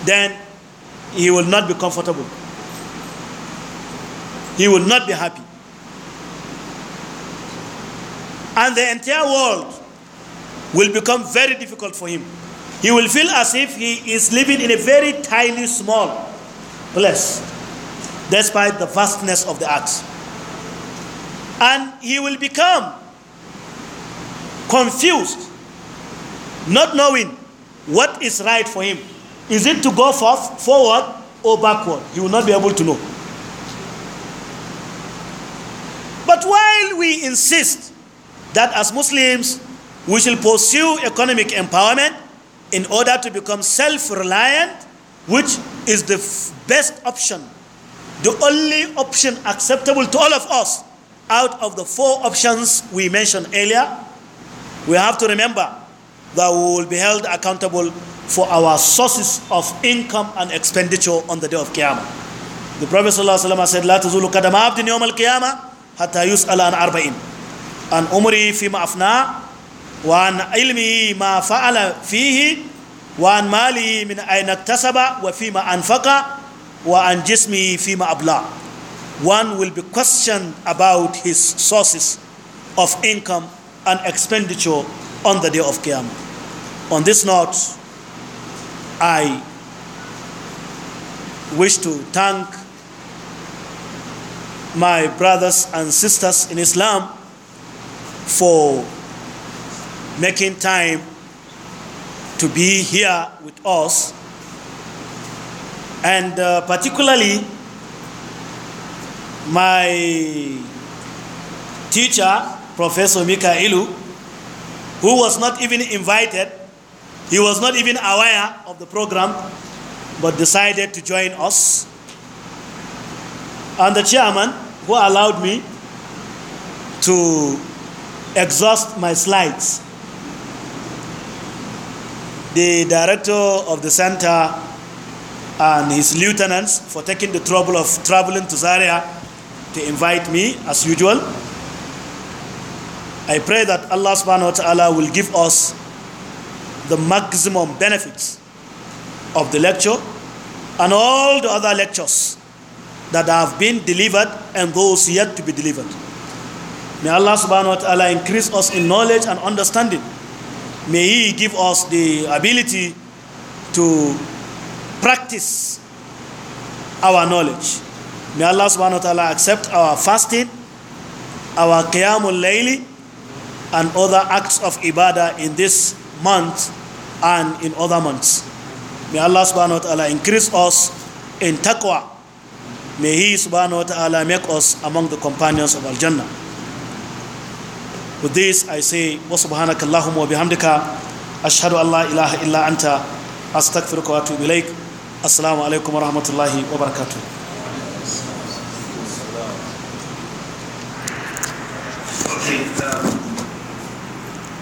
then he will not be comfortable he will not be happy and the entire world will become very difficult for him He will feel as if he is living in a very tiny, small place, despite the vastness of the earth. And he will become confused, not knowing what is right for him. Is it to go forth, forward or backward? He will not be able to know. But while we insist that as Muslims we shall pursue economic empowerment, in order to become self reliant, which is the best option, the only option acceptable to all of us out of the four options we mentioned earlier, we have to remember that we will be held accountable for our sources of income and expenditure on the day of Qiyamah. The Prophet ﷺ said, لا تزول قدم عبد يوم القيامة حتى يسأل عن أربعين عن عمري وعن علمه ما فعل فيه وعن ماله من أين اكتسب وفيما أنفق وعن جسمه فيما أبلى One will be questioned about his sources of income and expenditure on the day of Qiyamah. On this note, I wish to thank my brothers and sisters in Islam for making time to be here with us. And uh, particularly, my teacher, Professor Mika Ilu, who was not even invited, he was not even aware of the program, but decided to join us. And the chairman, who allowed me to exhaust my slides the director of the center and his lieutenants for taking the trouble of traveling to Zaria to invite me as usual. I pray that Allah subhanahu wa ta'ala will give us the maximum benefits of the lecture and all the other lectures that have been delivered and those yet to be delivered. May Allah subhanahu wa ta'ala increase us in knowledge and understanding. May He give us the ability to practice our knowledge. May Allah subhanahu wa ta'ala accept our fasting, our qiyamul layli, and other acts of ibadah in this month and in other months. May Allah subhanahu wa ta'ala increase us in taqwa. May He subhanahu wa ta'ala make us among the companions of Al Jannah. with this i say wa subhanaka allahumma wa bihamdika ashhadu an ilaha illa anta astaghfiruka wa atubu ilaik assalamu alaikum wa rahmatullahi wa barakatuh um,